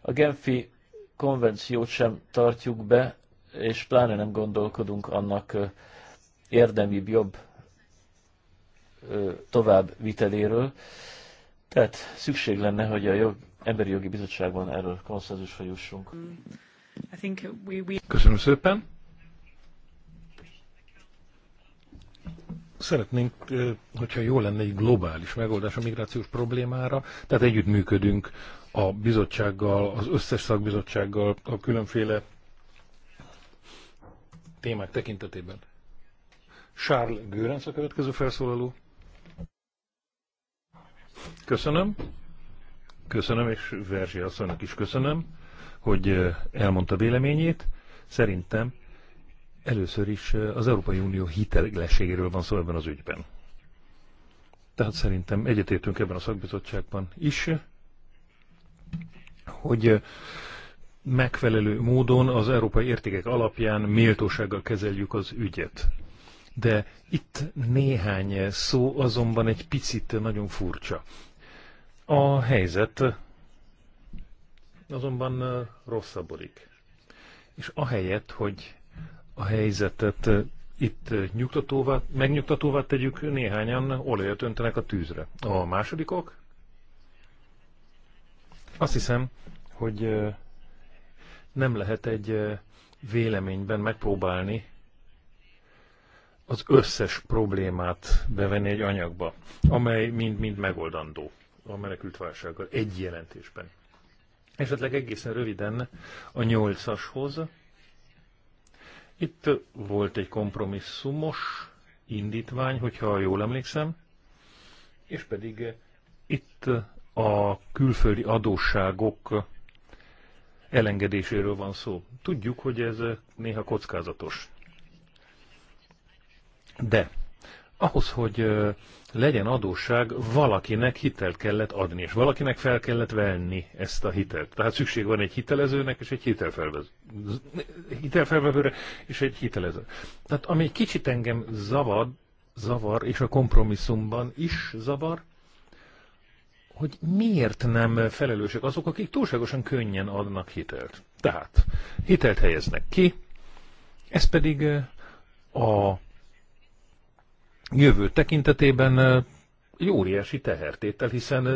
A Genfi konvenciót sem tartjuk be, és pláne nem gondolkodunk annak érdemibb, jobb továbbviteléről. Tehát szükség lenne, hogy a jog, Emberi Jogi Bizottságban erről konszenzusra jussunk. Köszönöm szépen! szeretnénk, hogyha jó lenne egy globális megoldás a migrációs problémára, tehát együttműködünk a bizottsággal, az összes szakbizottsággal, a különféle témák tekintetében. Charles Görenc a következő felszólaló. Köszönöm. Köszönöm, és Verzsi asszonynak is köszönöm, hogy elmondta véleményét. Szerintem Először is eh, az Európai Unió hitelességéről van szó ebben az ügyben. Tehát szerintem egyetértünk ebben a szakbizottságban is, hogy eh, megfelelő módon az európai értékek alapján méltósággal kezeljük az ügyet. De itt néhány szó azonban egy picit nagyon furcsa. A helyzet azonban eh, rosszabbodik. És ahelyett, hogy a helyzetet itt nyugtatóvá, megnyugtatóvá tegyük, néhányan olajat öntenek a tűzre. A másodikok? Azt hiszem, hogy nem lehet egy véleményben megpróbálni az összes problémát bevenni egy anyagba, amely mind-mind megoldandó a menekült válsággal egy jelentésben. Esetleg egészen röviden a nyolcashoz, itt volt egy kompromisszumos indítvány, hogyha jól emlékszem, és pedig itt a külföldi adósságok elengedéséről van szó. Tudjuk, hogy ez néha kockázatos. De ahhoz, hogy legyen adósság, valakinek hitelt kellett adni, és valakinek fel kellett venni ezt a hitelt. Tehát szükség van egy hitelezőnek és egy hitelfelvevőre, hitelfelvevőre és egy hitelező. Tehát ami egy kicsit engem zavar, zavar, és a kompromisszumban is zavar, hogy miért nem felelősek azok, akik túlságosan könnyen adnak hitelt. Tehát hitelt helyeznek ki, ez pedig a jövő tekintetében óriási tehertétel, hiszen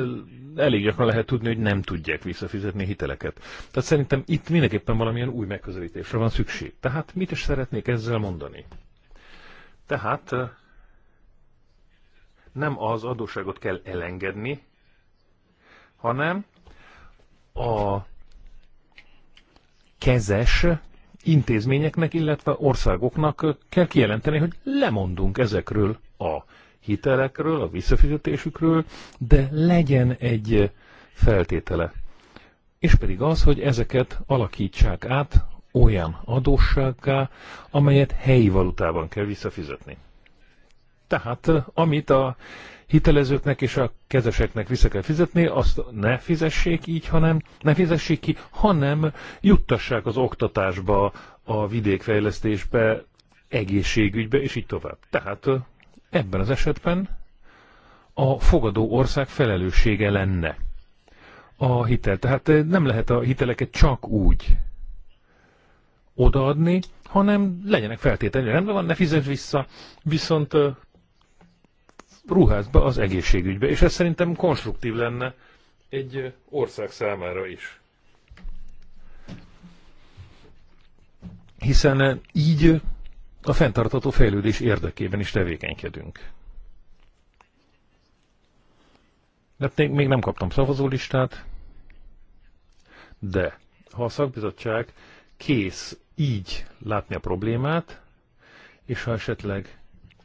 elég gyakran lehet tudni, hogy nem tudják visszafizetni hiteleket. Tehát szerintem itt mindenképpen valamilyen új megközelítésre van szükség. Tehát mit is szeretnék ezzel mondani? Tehát nem az adósságot kell elengedni, hanem a kezes intézményeknek, illetve országoknak kell kijelenteni, hogy lemondunk ezekről a hitelekről, a visszafizetésükről, de legyen egy feltétele. És pedig az, hogy ezeket alakítsák át olyan adóssággá, amelyet helyi valutában kell visszafizetni. Tehát amit a hitelezőknek és a kezeseknek vissza kell fizetni, azt ne fizessék így, hanem ne fizessék ki, hanem juttassák az oktatásba, a vidékfejlesztésbe, egészségügybe, és így tovább. Tehát ebben az esetben a fogadó ország felelőssége lenne a hitel. Tehát nem lehet a hiteleket csak úgy odaadni, hanem legyenek feltétlenül rendben van, ne fizet vissza, viszont ruház be az egészségügybe, és ez szerintem konstruktív lenne egy ország számára is. Hiszen így a fenntartató fejlődés érdekében is tevékenykedünk. Mert még nem kaptam szavazólistát, de ha a szakbizottság kész így látni a problémát, és ha esetleg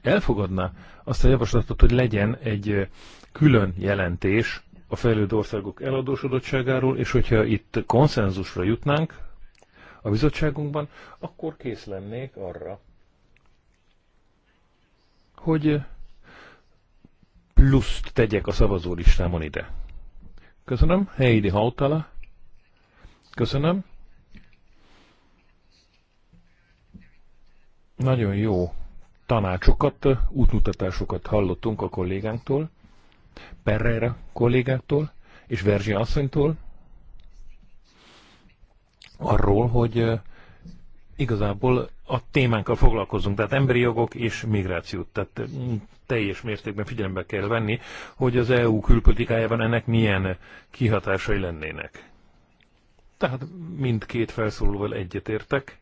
elfogadná azt a javaslatot, hogy legyen egy külön jelentés a fejlődő országok eladósodottságáról, és hogyha itt konszenzusra jutnánk a bizottságunkban, akkor kész lennék arra, hogy pluszt tegyek a szavazólistámon ide. Köszönöm. Heidi Hautala. Köszönöm. Nagyon jó tanácsokat, útmutatásokat hallottunk a kollégánktól, Perreira kollégáktól és Verzsi asszonytól, arról, hogy igazából a témánkkal foglalkozunk, tehát emberi jogok és migráció. Tehát teljes mértékben figyelembe kell venni, hogy az EU külpolitikájában ennek milyen kihatásai lennének. Tehát mindkét felszólóval egyetértek,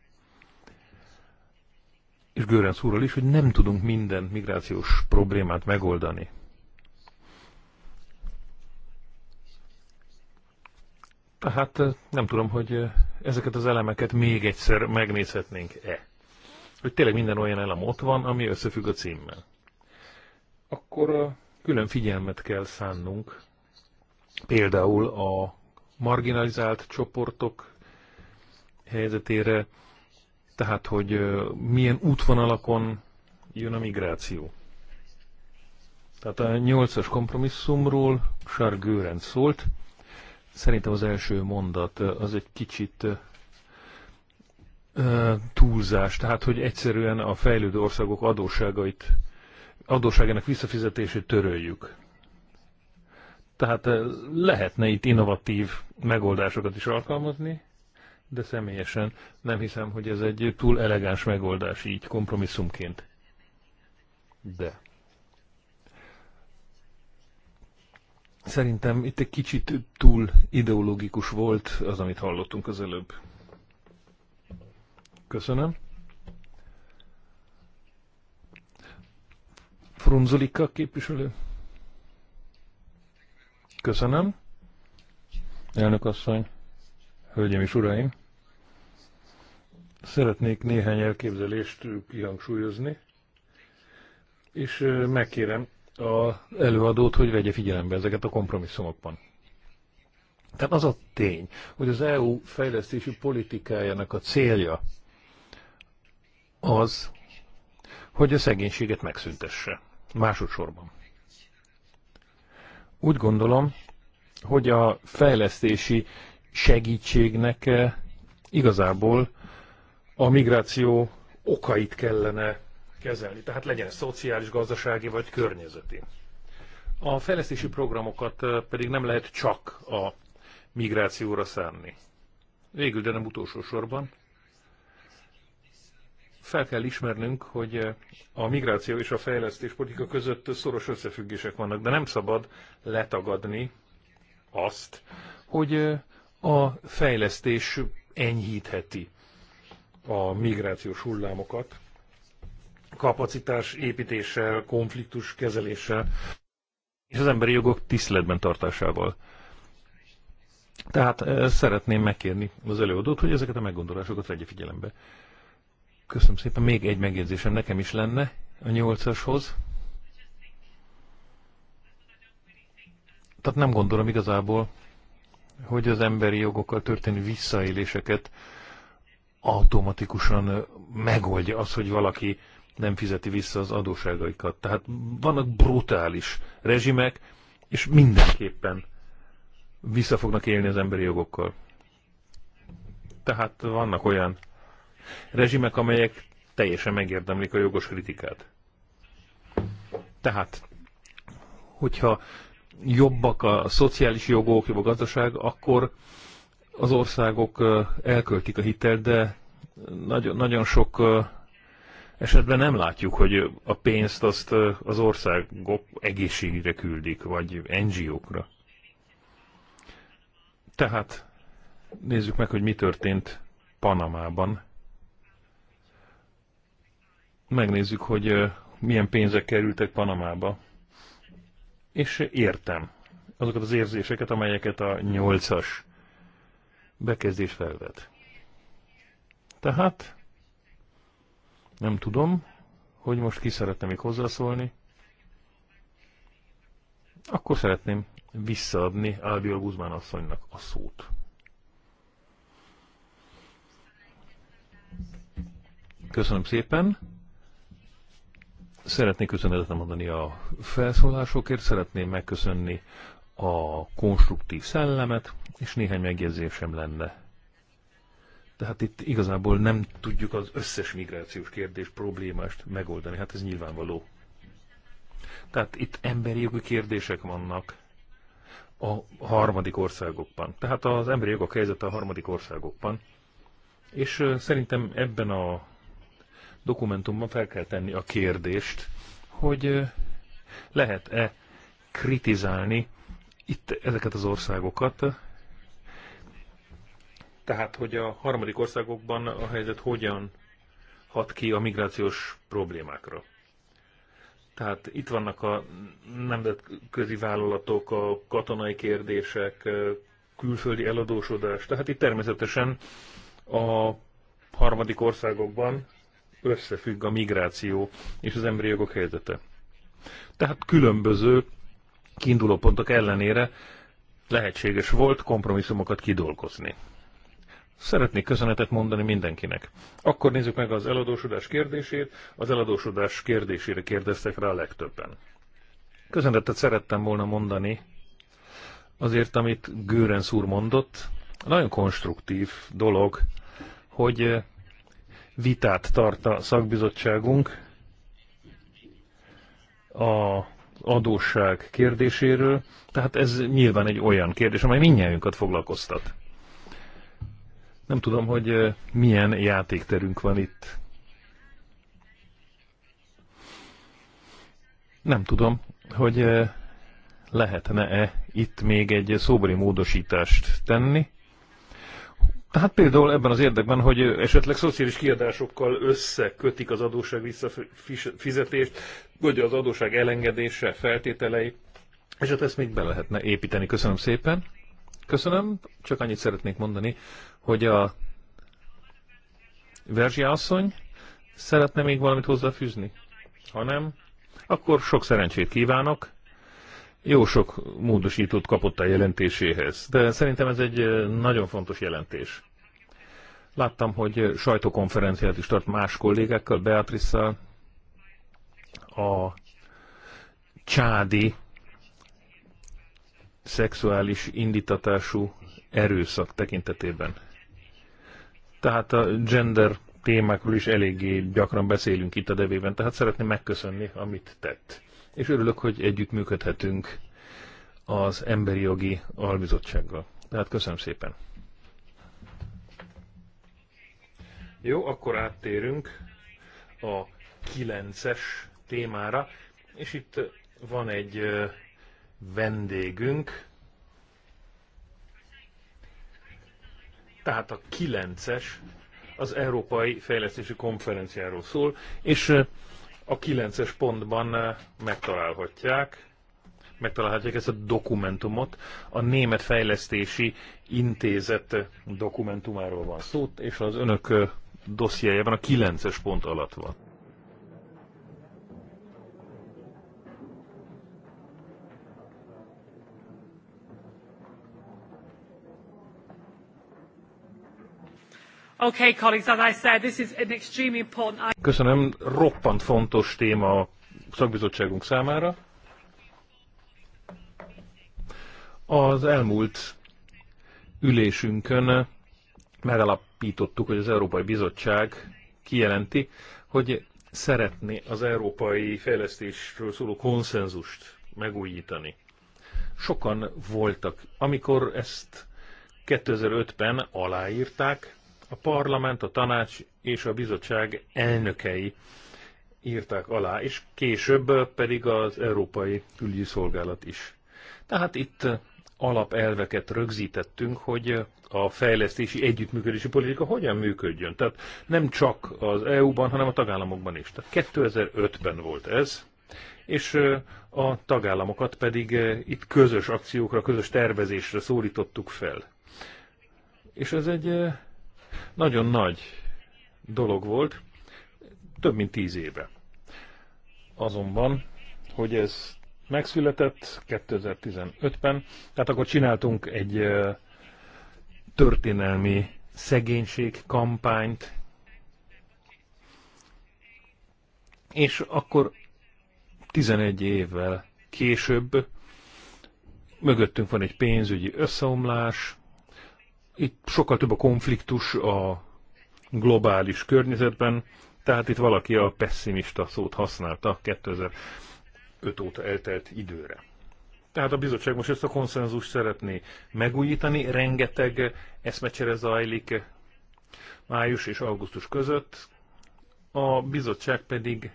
és Görenc úrral is, hogy nem tudunk minden migrációs problémát megoldani. Tehát eh, nem tudom, hogy eh, ezeket az elemeket még egyszer megnézhetnénk-e. Hogy tényleg minden olyan elem ott van, ami összefügg a címmel. Akkor eh, külön figyelmet kell szánnunk például a marginalizált csoportok helyzetére, tehát hogy milyen útvonalakon jön a migráció. Tehát a nyolcas kompromisszumról Sár Gőrend szólt. Szerintem az első mondat az egy kicsit túlzás, tehát hogy egyszerűen a fejlődő országok adósságait, adósságának visszafizetését töröljük. Tehát lehetne itt innovatív megoldásokat is alkalmazni, de személyesen nem hiszem, hogy ez egy túl elegáns megoldás így kompromisszumként. De. Szerintem itt egy kicsit túl ideológikus volt az, amit hallottunk az előbb. Köszönöm. Frunzulika képviselő. Köszönöm. Elnök asszony. Hölgyeim és Uraim! Szeretnék néhány elképzelést kihangsúlyozni, és megkérem az előadót, hogy vegye figyelembe ezeket a kompromisszumokban. Tehát az a tény, hogy az EU fejlesztési politikájának a célja az, hogy a szegénységet megszüntesse. Másodszorban. Úgy gondolom, hogy a fejlesztési segítségnek eh, igazából a migráció okait kellene kezelni, tehát legyen szociális, gazdasági vagy környezeti. A fejlesztési programokat eh, pedig nem lehet csak a migrációra szánni. Végül, de nem utolsó sorban, fel kell ismernünk, hogy eh, a migráció és a fejlesztés politika között szoros összefüggések vannak, de nem szabad letagadni azt, hogy a fejlesztés enyhítheti a migrációs hullámokat kapacitás építéssel, konfliktus kezeléssel és az emberi jogok tiszteletben tartásával. Tehát eh, szeretném megkérni az előadót, hogy ezeket a meggondolásokat vegye figyelembe. Köszönöm szépen. Még egy megjegyzésem nekem is lenne a nyolcashoz. Tehát nem gondolom igazából, hogy az emberi jogokkal történő visszaéléseket automatikusan megoldja az, hogy valaki nem fizeti vissza az adóságaikat. Tehát vannak brutális rezsimek, és mindenképpen vissza fognak élni az emberi jogokkal. Tehát vannak olyan rezsimek, amelyek teljesen megérdemlik a jogos kritikát. Tehát, hogyha jobbak a szociális jogok, jobb a gazdaság, akkor az országok elköltik a hitelt, de nagyon, nagyon sok esetben nem látjuk, hogy a pénzt azt az országok egészségére küldik, vagy NGO-kra. Tehát nézzük meg, hogy mi történt Panamában. Megnézzük, hogy milyen pénzek kerültek Panamába és értem azokat az érzéseket, amelyeket a nyolcas bekezdés felvet. Tehát nem tudom, hogy most ki szeretne még hozzászólni. Akkor szeretném visszaadni Ádél Guzmán asszonynak a szót. Köszönöm szépen. Szeretnék köszönetet mondani a felszólásokért, szeretném megköszönni a konstruktív szellemet, és néhány megjegyzésem lenne. Tehát itt igazából nem tudjuk az összes migrációs kérdés problémást megoldani, hát ez nyilvánvaló. Tehát itt emberi jogi kérdések vannak a harmadik országokban. Tehát az emberi jogok helyzete a harmadik országokban. És szerintem ebben a dokumentumban fel kell tenni a kérdést, hogy lehet-e kritizálni itt ezeket az országokat, tehát hogy a harmadik országokban a helyzet hogyan hat ki a migrációs problémákra. Tehát itt vannak a nemzetközi vállalatok, a katonai kérdések, külföldi eladósodás. Tehát itt természetesen a harmadik országokban összefügg a migráció és az emberi jogok helyzete. Tehát különböző kiindulópontok ellenére lehetséges volt kompromisszumokat kidolgozni. Szeretnék köszönetet mondani mindenkinek. Akkor nézzük meg az eladósodás kérdését. Az eladósodás kérdésére kérdeztek rá a legtöbben. Köszönetet szerettem volna mondani azért, amit Gőrenc úr mondott. Nagyon konstruktív dolog, hogy vitát tart a szakbizottságunk a adósság kérdéséről, tehát ez nyilván egy olyan kérdés, amely mindnyájunkat foglalkoztat. Nem tudom, hogy milyen játékterünk van itt. Nem tudom, hogy lehetne-e itt még egy szóbeli módosítást tenni, tehát például ebben az érdekben, hogy esetleg szociális kiadásokkal összekötik az adóság visszafizetést, vagy az adóság elengedése feltételei, és hát ezt még be lehetne építeni. Köszönöm szépen. Köszönöm. Csak annyit szeretnék mondani, hogy a Verzsi asszony szeretne még valamit hozzáfűzni? Ha nem, akkor sok szerencsét kívánok jó sok módosítót kapott a jelentéséhez, de szerintem ez egy nagyon fontos jelentés. Láttam, hogy sajtókonferenciát is tart más kollégákkal, beatrice a csádi szexuális indítatású erőszak tekintetében. Tehát a gender témákról is eléggé gyakran beszélünk itt a devében, tehát szeretném megköszönni, amit tett és örülök, hogy együttműködhetünk az Emberi Jogi Albizottsággal. Tehát köszönöm szépen. Jó, akkor áttérünk a kilences témára, és itt van egy vendégünk, tehát a kilences az Európai Fejlesztési Konferenciáról szól, és a 9-es pontban eh, megtalálhatják, megtalálhatják ezt a dokumentumot. A Német Fejlesztési Intézet dokumentumáról van szó, és az önök eh, dossziájában a 9-es pont alatt van. Okay, colleagues, as I said, this is an extremely important... Köszönöm, roppant fontos téma a szakbizottságunk számára. Az elmúlt ülésünkön megalapítottuk, hogy az Európai Bizottság kijelenti, hogy szeretné az európai fejlesztésről szóló konszenzust megújítani. Sokan voltak, amikor ezt 2005-ben aláírták, a parlament, a tanács és a bizottság elnökei írták alá, és később pedig az Európai Külügyi Szolgálat is. Tehát itt alapelveket rögzítettünk, hogy a fejlesztési együttműködési politika hogyan működjön. Tehát nem csak az EU-ban, hanem a tagállamokban is. Tehát 2005-ben volt ez, és a tagállamokat pedig itt közös akciókra, közös tervezésre szólítottuk fel. És ez egy nagyon nagy dolog volt, több mint tíz éve. Azonban, hogy ez megszületett 2015-ben, tehát akkor csináltunk egy történelmi szegénység kampányt, és akkor 11 évvel később mögöttünk van egy pénzügyi összeomlás, itt sokkal több a konfliktus a globális környezetben, tehát itt valaki a pessimista szót használta 2005 óta eltelt időre. Tehát a bizottság most ezt a konszenzus szeretné megújítani, rengeteg eszmecsere zajlik május és augusztus között, a bizottság pedig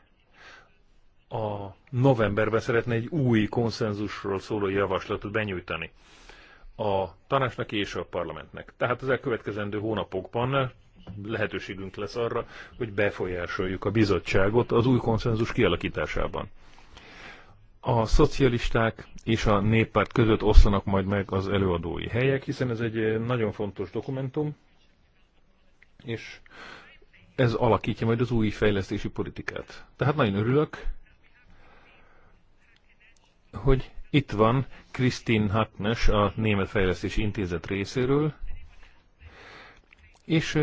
a novemberben szeretne egy új konszenzusról szóló javaslatot benyújtani a tanácsnak és a parlamentnek. Tehát az elkövetkezendő hónapokban lehetőségünk lesz arra, hogy befolyásoljuk a bizottságot az új konszenzus kialakításában. A szocialisták és a néppárt között osszanak majd meg az előadói helyek, hiszen ez egy nagyon fontos dokumentum, és ez alakítja majd az új fejlesztési politikát. Tehát nagyon örülök, hogy itt van Kristin Hacknes a Német Fejlesztési Intézet részéről, és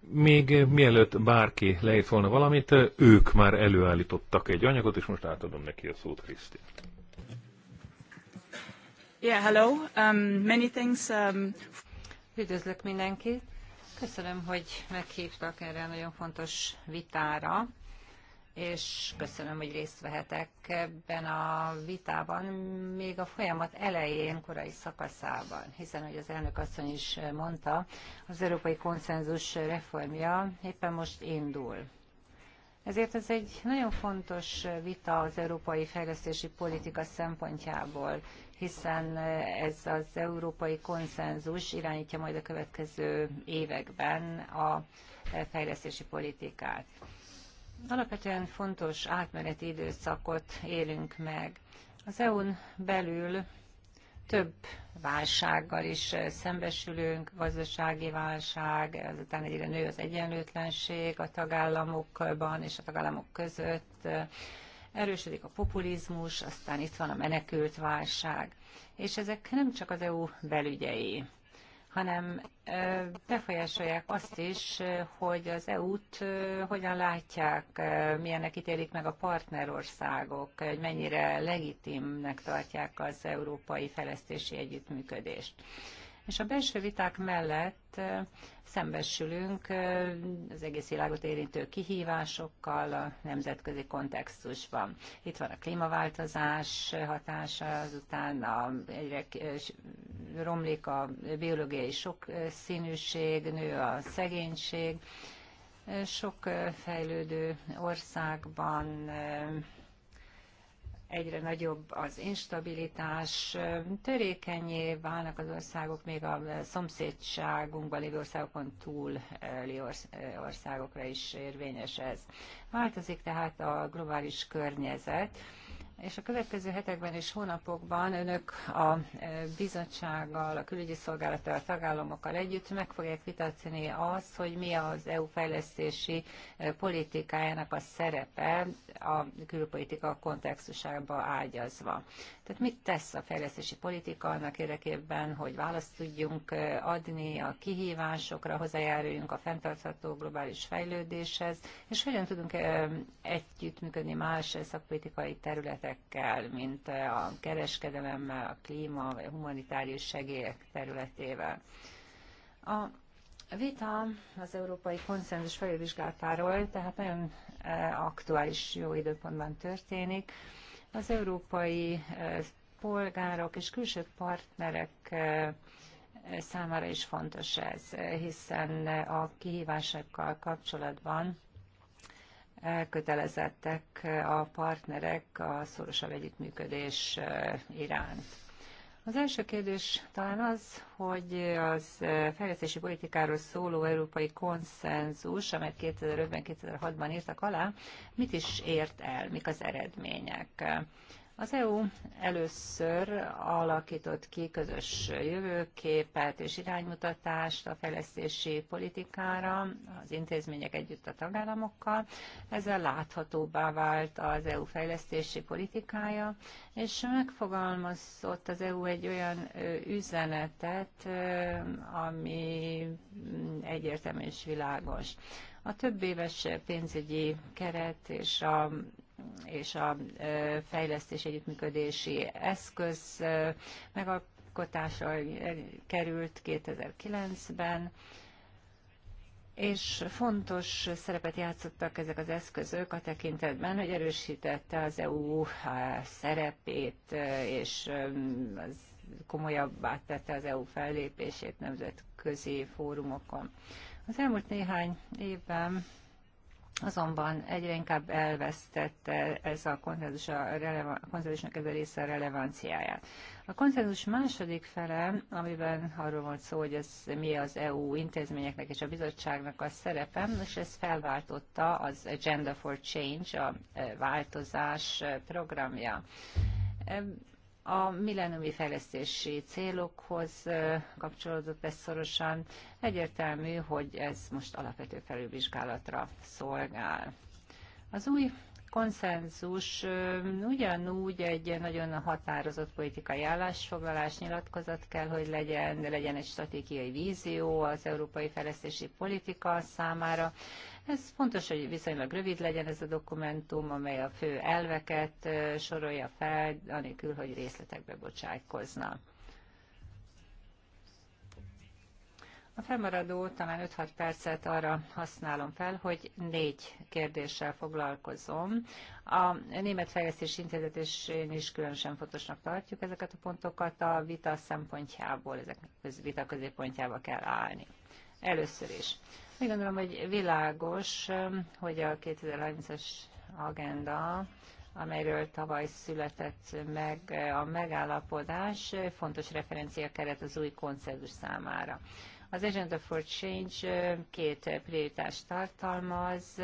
még mielőtt bárki leírt volna valamit, ők már előállítottak egy anyagot, és most átadom neki a szót, Christine. Yeah, hello. Um, many thanks. Um... Üdvözlök mindenkit. Köszönöm, hogy meghívtak erre a nagyon fontos vitára és köszönöm, hogy részt vehetek ebben a vitában, még a folyamat elején, korai szakaszában, hiszen, hogy az elnök asszony is mondta, az európai konszenzus reformja éppen most indul. Ezért ez egy nagyon fontos vita az európai fejlesztési politika szempontjából, hiszen ez az európai konszenzus irányítja majd a következő években a fejlesztési politikát. Alapvetően fontos átmeneti időszakot élünk meg. Az EU-n belül több válsággal is szembesülünk, gazdasági válság, azután egyre nő az egyenlőtlenség a tagállamokban és a tagállamok között, erősödik a populizmus, aztán itt van a menekült válság. És ezek nem csak az EU belügyei, hanem befolyásolják azt is, hogy az EU-t hogyan látják, milyennek ítélik meg a partnerországok, hogy mennyire legitimnek tartják az európai fejlesztési együttműködést. És a belső viták mellett szembesülünk az egész világot érintő kihívásokkal a nemzetközi kontextusban. Itt van a klímaváltozás hatása, azután a, egyre romlik a biológiai sokszínűség, nő a szegénység, sok fejlődő országban egyre nagyobb az instabilitás, törékenyé válnak az országok, még a szomszédságunkban lévő országokon túl eh, eh, országokra is érvényes ez. Változik tehát a globális környezet, és a következő hetekben és hónapokban önök a e, bizottsággal, a külügyi szolgálattal, a tagállamokkal együtt meg fogják vitatni azt, hogy mi az EU fejlesztési e, politikájának a szerepe a külpolitika kontextusába ágyazva. Tehát mit tesz a fejlesztési politika annak érdekében, hogy választ tudjunk adni a kihívásokra, hozzájáruljunk a fenntartható globális fejlődéshez, és hogyan tudunk együttműködni más szakpolitikai területekkel, mint a kereskedelemmel, a klíma, vagy a humanitárius segélyek területével. A vita az európai konszenzus felülvizsgálatáról, tehát nagyon aktuális jó időpontban történik. Az európai eh, polgárok és külső partnerek eh, számára is fontos ez, hiszen a kihívásokkal kapcsolatban elkötelezettek eh, a partnerek a szorosabb együttműködés iránt. Az első kérdés talán az, hogy az fejlesztési politikáról szóló európai konszenzus, amelyet 2005-ben, 2006-ban írtak alá, mit is ért el, mik az eredmények. Az EU először alakított ki közös jövőképet és iránymutatást a fejlesztési politikára, az intézmények együtt a tagállamokkal. Ezzel láthatóbbá vált az EU fejlesztési politikája, és megfogalmazott az EU egy olyan üzenetet, ami egyértelmű és világos. A több éves pénzügyi keret és a és a fejlesztés együttműködési eszköz megalkotása került 2009-ben, és fontos szerepet játszottak ezek az eszközök a tekintetben, hogy erősítette az EU szerepét, és az komolyabbá tette az EU fellépését nemzetközi fórumokon. Az elmúlt néhány évben Azonban egyre inkább elvesztette ez a konszenzus, a relevan, konszenzusnak ez a része a relevanciáját. A konzenzus második fele, amiben arról volt szó, hogy ez mi az EU intézményeknek és a bizottságnak a szerepe, és ez felváltotta az Agenda for Change, a eh, változás eh, programja a millenniumi fejlesztési célokhoz kapcsolódott ez szorosan. Egyértelmű, hogy ez most alapvető felülvizsgálatra szolgál. Az új konszenzus ugyanúgy egy nagyon határozott politikai állásfoglalás nyilatkozat kell, hogy legyen, de legyen egy stratégiai vízió az európai fejlesztési politika számára, ez fontos, hogy viszonylag rövid legyen ez a dokumentum, amely a fő elveket sorolja fel, anélkül, hogy részletekbe bocsájkozna. A felmaradó talán 5-6 percet arra használom fel, hogy négy kérdéssel foglalkozom. A Német Fejlesztési Intézet és én is különösen fontosnak tartjuk ezeket a pontokat a vita szempontjából, ezek vita középpontjába kell állni. Először is. Még gondolom, hogy világos, hogy a 2030-as agenda, amelyről tavaly született meg a megállapodás, fontos referencia keret az új konszenzus számára. Az Agenda for Change két prioritást tartalmaz,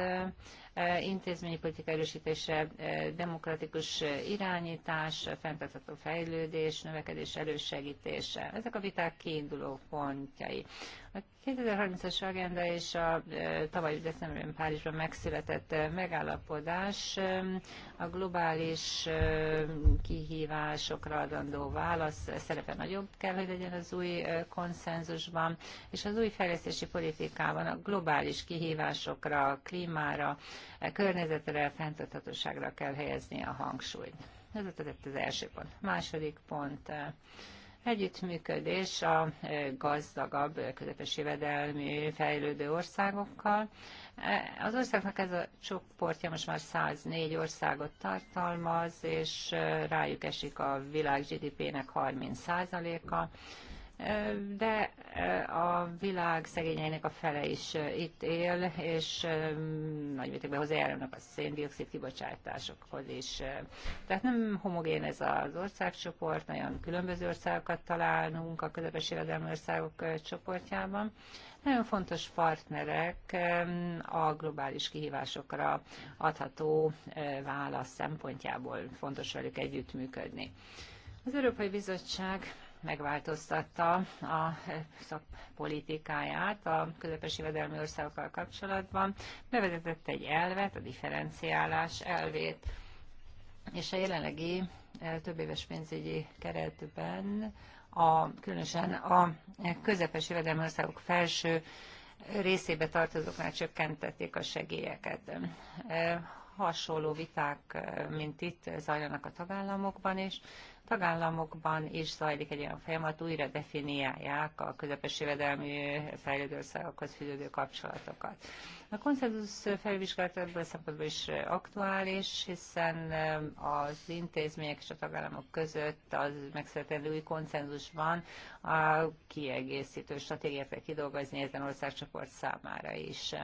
E, intézményi politika erősítése, e, demokratikus e, irányítás, fenntartható fejlődés, növekedés elősegítése. Ezek a viták kiinduló pontjai. A 2030-as agenda és a tavaly decemberben Párizsban megszületett megállapodás a globális kihívásokra adandó válasz szerepe nagyobb kell, hogy legyen az új konszenzusban, és az új fejlesztési politikában a globális kihívásokra, a klímára, E környezetre, fenntarthatóságra kell helyezni a hangsúlyt. Ez lett az első pont. Második pont, e, együttműködés a e, gazdagabb, közepes jövedelmű fejlődő országokkal. Az országnak ez a csoportja most már 104 országot tartalmaz, és rájuk esik a világ GDP-nek 30 a de eh, a világ szegényeinek a fele is eh, itt él, és eh, nagy mértékben hozzájárulnak a széndiokszid kibocsátásokhoz is. Tehát nem homogén ez az országcsoport, nagyon különböző országokat találunk a közepes jövedelmi országok csoportjában. Nagyon fontos partnerek a globális kihívásokra adható válasz szempontjából fontos velük együttműködni. Az Európai Bizottság megváltoztatta a szakpolitikáját a közepes jövedelmi országokkal kapcsolatban, bevezetett egy elvet, a differenciálás elvét, és a jelenlegi e, több éves pénzügyi keretben a, különösen a közepes jövedelmi országok felső részébe tartozóknál csökkentették a segélyeket. E, hasonló viták, e, mint itt, zajlanak a tagállamokban is tagállamokban is zajlik egy olyan folyamat, újra definiálják a közepes jövedelmű fejlődő országokhoz fűződő kapcsolatokat. A konszenzus felvizsgálat ebből szempontból is aktuális, hiszen um, az intézmények és a tagállamok között az megszületett új konszenzusban a kiegészítő stratégiát kell kidolgozni ezen országcsoport számára is.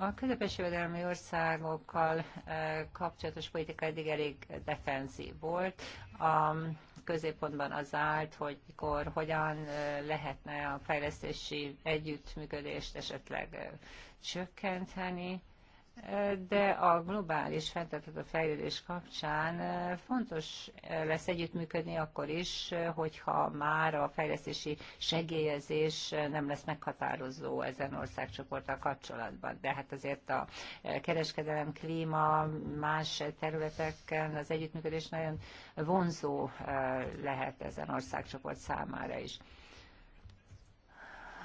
A közepes jövedelmi országokkal eh, kapcsolatos politika eddig elég defenzív volt. A középpontban az állt, hogy mikor, hogyan eh, lehetne a fejlesztési együttműködést esetleg eh, csökkenteni, de a globális fenntartható fejlődés kapcsán eh, fontos eh, lesz együttműködni akkor is, eh, hogyha már a fejlesztési segélyezés nem lesz meghatározó ezen országcsoporttal kapcsolatban. De hát azért a kereskedelem, klíma, más területeken az együttműködés nagyon vonzó lehet ezen országcsoport számára is.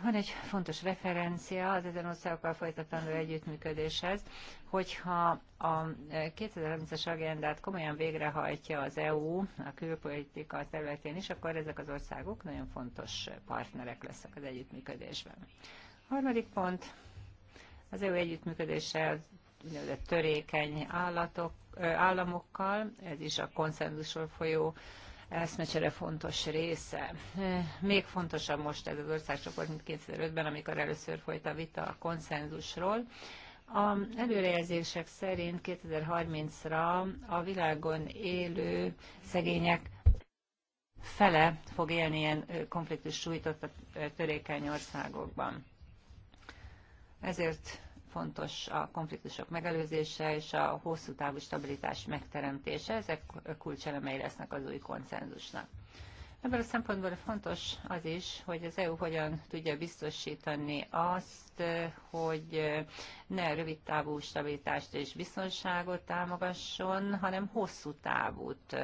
Van egy fontos referencia az ezen országokkal folytatandó együttműködéshez, hogyha a 2030-as agendát komolyan végrehajtja az EU a külpolitika területén is, akkor ezek az országok nagyon fontos partnerek lesznek az együttműködésben. A harmadik pont, az EU együttműködése az úgynevezett törékeny állatok, államokkal, ez is a konszenzusról folyó eszmecsere fontos része. Még fontosabb most ez az országcsoport, mint 2005-ben, amikor először folyt a vita a konszenzusról. A előrejelzések szerint 2030-ra a világon élő szegények fele fog élni ilyen konfliktus sújtott a törékeny országokban. Ezért fontos a konfliktusok megelőzése és a hosszú távú stabilitás megteremtése. Ezek kulcselemei lesznek az új konszenzusnak. Ebből a szempontból fontos az is, hogy az EU hogyan tudja biztosítani azt, hogy ne rövid távú stabilitást és biztonságot támogasson, hanem hosszú távút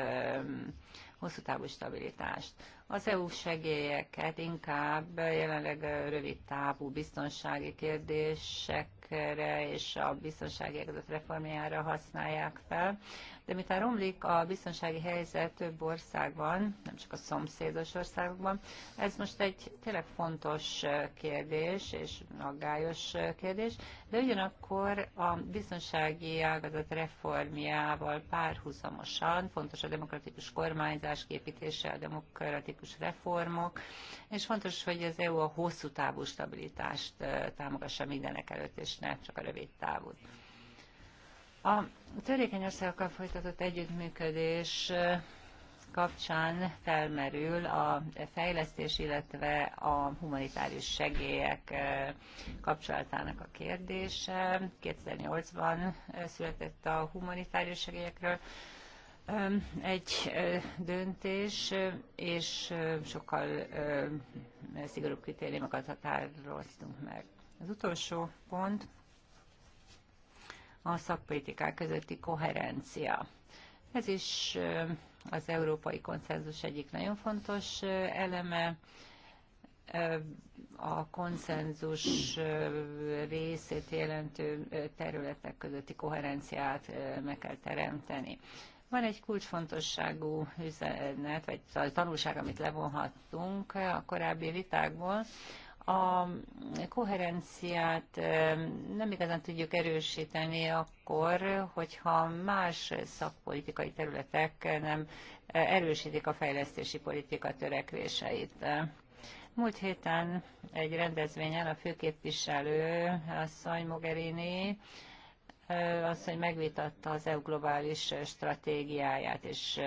hosszú távú stabilitást. Az EU segélyeket inkább jelenleg rövid távú biztonsági kérdésekre és a biztonsági egzet reformjára használják fel. De miután romlik a biztonsági helyzet több országban, nem csak a szomszédos országokban, ez most egy tényleg fontos kérdés és aggályos kérdés, de ugyanakkor a biztonsági ágazat reformjával párhuzamosan fontos a demokratikus kormányzás, kapacitás demokratikus reformok, és fontos, hogy az EU a hosszú távú stabilitást támogassa mindenek előtt, és ne csak a rövid távú. A törékeny országokkal folytatott együttműködés kapcsán felmerül a fejlesztés, illetve a humanitárius segélyek kapcsolatának a kérdése. 2008-ban született a humanitárius segélyekről egy döntés, és sokkal szigorúbb kritériumokat határoztunk meg. Az utolsó pont a szakpolitikák közötti koherencia. Ez is az európai konszenzus egyik nagyon fontos eleme. A konszenzus részét jelentő területek közötti koherenciát meg kell teremteni. Van egy kulcsfontosságú üzenet, vagy szóval tanulság, amit levonhattunk a korábbi vitákból, a koherenciát nem igazán tudjuk erősíteni akkor, hogyha más szakpolitikai területek nem erősítik a fejlesztési politika törekvéseit. Múlt héten egy rendezvényen a főképviselő, asszony Mogherini, azt, hogy megvitatta az EU globális stratégiáját és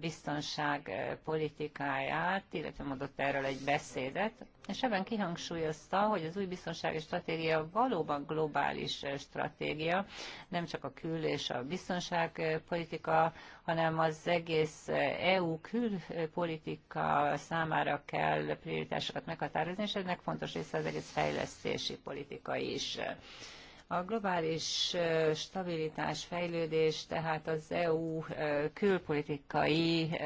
biztonságpolitikáját, illetve mondott erről egy beszédet, és ebben kihangsúlyozta, hogy az új biztonsági stratégia valóban globális stratégia, nem csak a kül- és a biztonságpolitika, hanem az egész EU külpolitika számára kell prioritásokat meghatározni, és ennek fontos része az egész fejlesztési politika is. A globális stabilitás, fejlődés, tehát az EU külpolitikai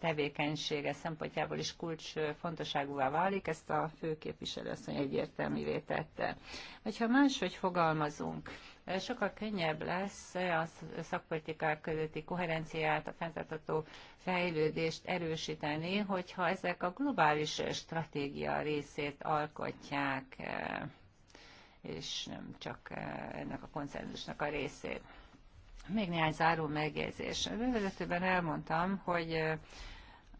tevékenysége szempontjából is kulcs fontosságúvá válik, ezt a főképviselő asszony egyértelművé tette. Hogyha máshogy fogalmazunk, sokkal könnyebb lesz a szakpolitikák közötti koherenciát, a fenntartható fejlődést erősíteni, hogyha ezek a globális stratégia részét alkotják és nem csak eh, ennek a konszenzusnak a részét. Még néhány záró megjegyzés. A bevezetőben elmondtam, hogy eh,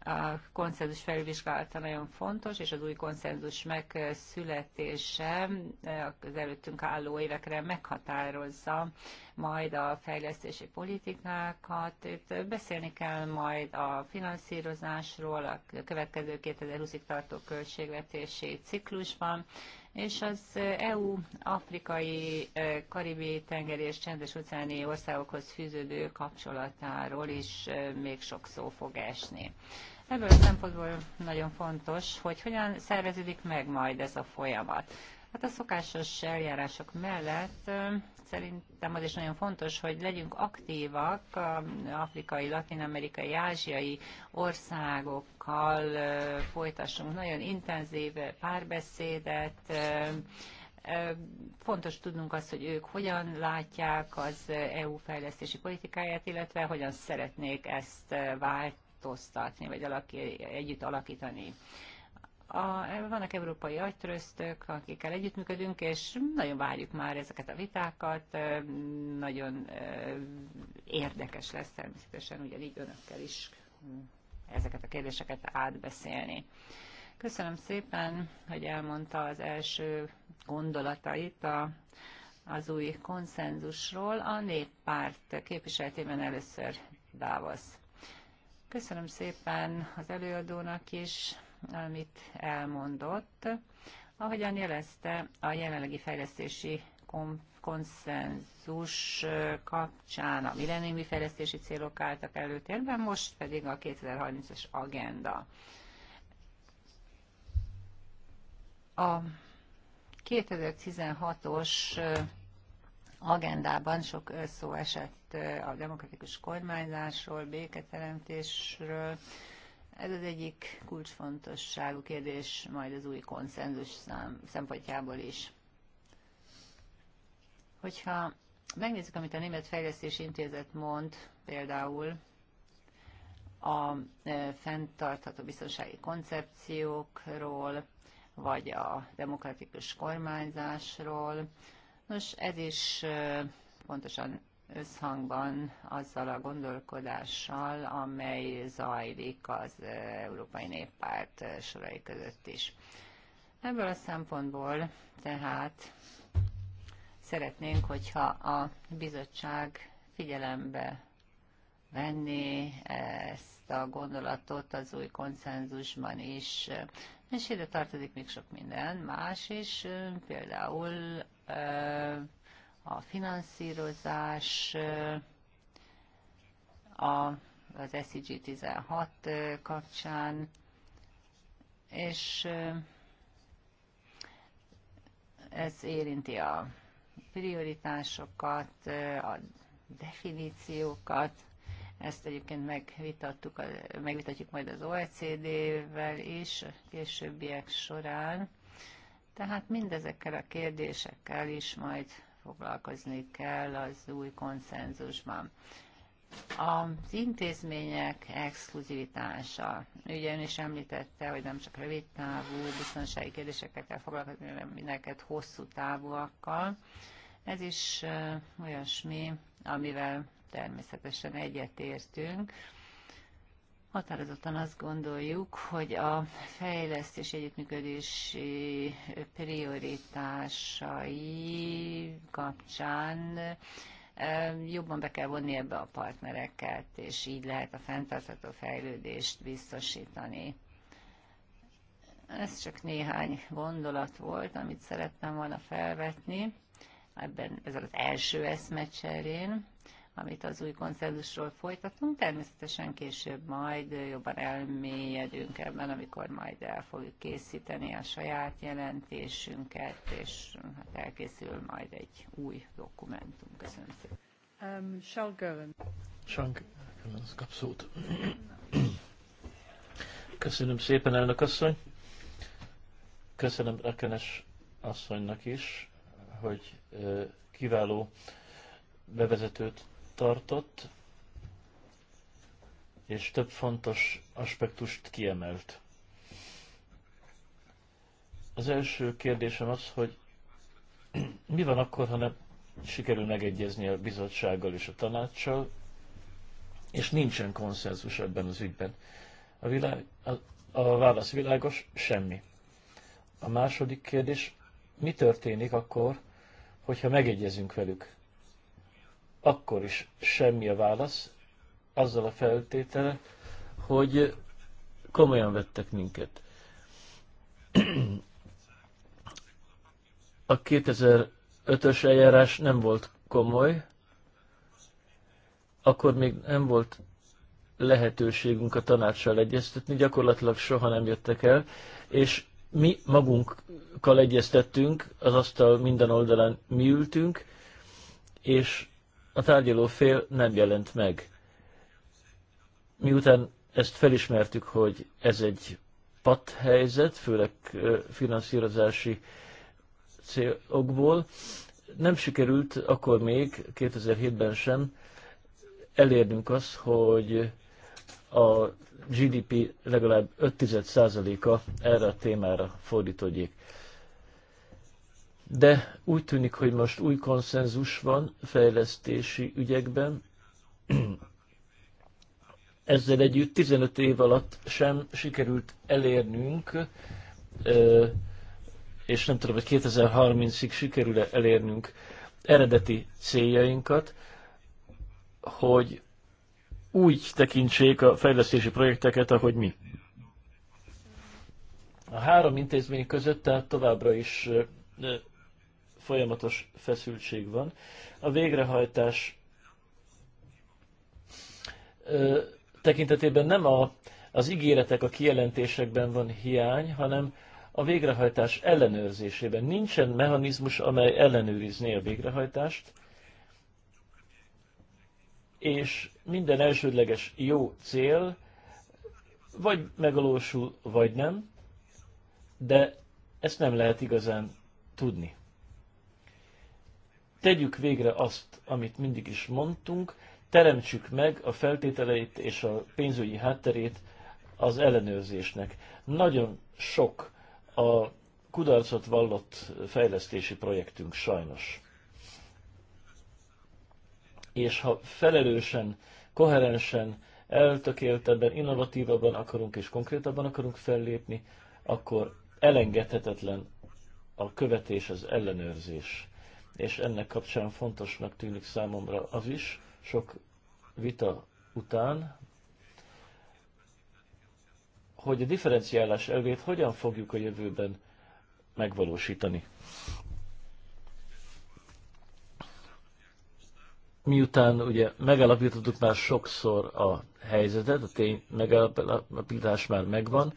a konszenzus felvizsgálata nagyon fontos, és az új konszenzus megszületése eh, az előttünk álló évekre meghatározza majd a fejlesztési politikákat. Itt beszélni kell majd a finanszírozásról a következő 2020-ig tartó költségvetési ciklusban, és az EU afrikai, karibi tengeri és csendes óceáni országokhoz fűződő kapcsolatáról is még sok szó fog esni. Ebből a szempontból nagyon fontos, hogy hogyan szerveződik meg majd ez a folyamat. Hát a szokásos eljárások mellett szerintem az is nagyon fontos, hogy legyünk aktívak afrikai, latin-amerikai, ázsiai országokkal folytassunk nagyon intenzív párbeszédet, Fontos tudnunk azt, hogy ők hogyan látják az EU fejlesztési politikáját, illetve hogyan szeretnék ezt változtatni, vagy alaki, együtt alakítani a, vannak európai agytröztök, akikkel együttműködünk, és nagyon várjuk már ezeket a vitákat, nagyon érdekes lesz természetesen ugyanígy önökkel is ezeket a kérdéseket átbeszélni. Köszönöm szépen, hogy elmondta az első gondolatait a, az új konszenzusról. A néppárt képviseletében először Dávasz. Köszönöm szépen az előadónak is, amit elmondott. Ahogyan jelezte, a jelenlegi fejlesztési konszenzus kapcsán a millenniumi fejlesztési célok álltak előtérben, most pedig a 2030-as agenda. A 2016-os agendában sok szó esett a demokratikus kormányzásról, béketeremtésről, ez az egyik kulcsfontosságú kérdés majd az új konszenzus szám, szempontjából is. Hogyha megnézzük, amit a Német Fejlesztési Intézet mond, például a e, fenntartható biztonsági koncepciókról, vagy a demokratikus kormányzásról. Nos, ez is e, pontosan összhangban azzal a gondolkodással, amely zajlik az Európai Néppárt sorai között is. Ebből a szempontból tehát szeretnénk, hogyha a bizottság figyelembe venni ezt a gondolatot az új konszenzusban is. És ide tartozik még sok minden más is, például a finanszírozás, a, az SCG 16 kapcsán, és ez érinti a prioritásokat, a definíciókat, ezt egyébként megvitattuk, megvitatjuk majd az OECD-vel is későbbiek során. Tehát mindezekkel a kérdésekkel is majd foglalkozni kell az új konszenzusban. Az intézmények exkluzivitása. Ugye ön is említette, hogy nem csak rövid távú biztonsági kérdésekkel kell foglalkozni, hanem mindenket hosszú távúakkal. Ez is olyasmi, amivel természetesen egyetértünk. Határozottan azt gondoljuk, hogy a fejlesztés együttműködési prioritásai kapcsán e, jobban be kell vonni ebbe a partnereket, és így lehet a fenntartható fejlődést biztosítani. Ez csak néhány gondolat volt, amit szerettem volna felvetni ebben, ezzel az első eszmecserén amit az új konszenzusról folytatunk. Természetesen később majd jobban elmélyedünk ebben, amikor majd el fogjuk készíteni a saját jelentésünket, és hát elkészül majd egy új dokumentum. Köszönöm szépen. Um, Charles Gören. kap szót. Köszönöm szépen, elnök asszony. Köszönöm Rakenes asszonynak is, hogy kiváló bevezetőt tartott, és több fontos aspektust kiemelt. Az első kérdésem az, hogy <clears throat> mi van akkor, ha nem sikerül megegyezni a bizottsággal és a tanácssal, és nincsen konszenzus ebben az ügyben. A, világ, a, a válasz világos, semmi. A második kérdés, mi történik akkor, hogyha megegyezünk velük? akkor is semmi a válasz, azzal a feltétele, hogy komolyan vettek minket. A 2005-ös eljárás nem volt komoly, akkor még nem volt lehetőségünk a tanácssal egyeztetni, gyakorlatilag soha nem jöttek el, és mi magunkkal egyeztettünk, az asztal minden oldalán mi ültünk, és a tárgyaló fél nem jelent meg. Miután ezt felismertük, hogy ez egy pat helyzet, főleg finanszírozási célokból, nem sikerült akkor még, 2007-ben sem, elérnünk azt, hogy a GDP legalább 5%-a erre a témára fordítódjék de úgy tűnik, hogy most új konszenzus van fejlesztési ügyekben. <clears throat> Ezzel együtt 15 év alatt sem sikerült elérnünk, és nem tudom, hogy 2030-ig sikerül-e elérnünk eredeti céljainkat, hogy úgy tekintsék a fejlesztési projekteket, ahogy mi. A három intézmény között tehát továbbra is folyamatos feszültség van. A végrehajtás tekintetében nem a, az ígéretek, a kijelentésekben van hiány, hanem a végrehajtás ellenőrzésében. Nincsen mechanizmus, amely ellenőrizné a végrehajtást, és minden elsődleges jó cél vagy megalósul, vagy nem, de ezt nem lehet igazán tudni tegyük végre azt, amit mindig is mondtunk, teremtsük meg a feltételeit és a pénzügyi hátterét az ellenőrzésnek. Nagyon sok a kudarcot vallott fejlesztési projektünk sajnos. És ha felelősen, koherensen, eltökéltebben, innovatívabban akarunk és konkrétabban akarunk fellépni, akkor elengedhetetlen a követés, az ellenőrzés és ennek kapcsán fontosnak tűnik számomra az is, sok vita után, hogy a differenciálás elvét hogyan fogjuk a jövőben megvalósítani. Miután ugye megállapítottuk már sokszor a helyzetet, a tény megállapítás már megvan,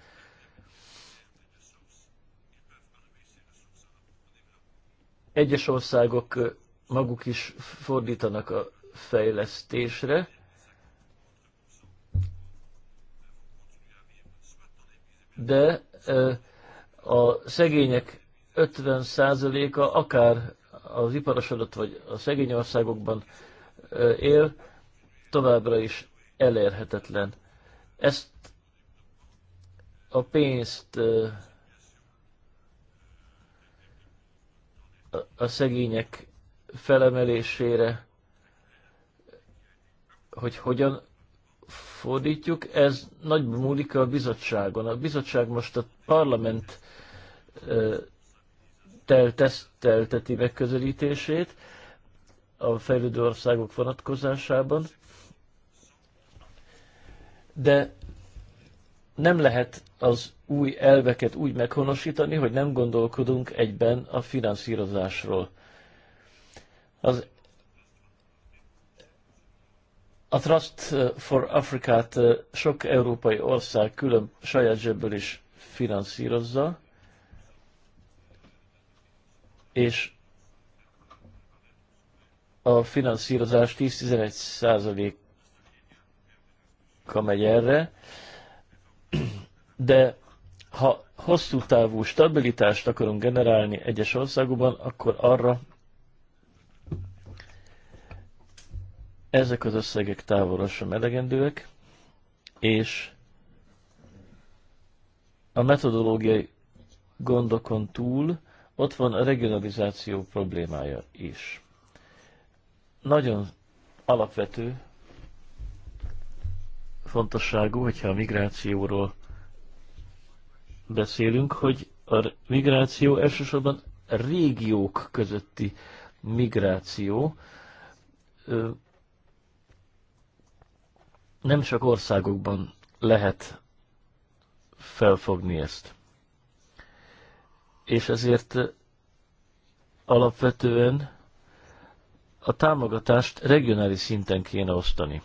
Egyes országok maguk is fordítanak a fejlesztésre, de a szegények 50%-a akár az iparosodott vagy a szegény országokban él, továbbra is elérhetetlen. Ezt a pénzt a szegények felemelésére, hogy hogyan fordítjuk, ez nagy múlik a bizottságon. A bizottság most a parlament telteti megközelítését a fejlődő országok vonatkozásában, de nem lehet az új elveket úgy meghonosítani, hogy nem gondolkodunk egyben a finanszírozásról. Az a Trust for Africa-t sok európai ország külön saját zsebből is finanszírozza, és a finanszírozás 10-11 százaléka megy erre, de ha hosszú távú stabilitást akarunk generálni egyes országokban, akkor arra ezek az összegek távolra sem elegendőek, és a metodológiai gondokon túl ott van a regionalizáció problémája is. Nagyon alapvető fontosságú, hogyha a migrációról beszélünk, hogy a migráció elsősorban régiók közötti migráció, nem csak országokban lehet felfogni ezt. És ezért alapvetően a támogatást regionális szinten kéne osztani.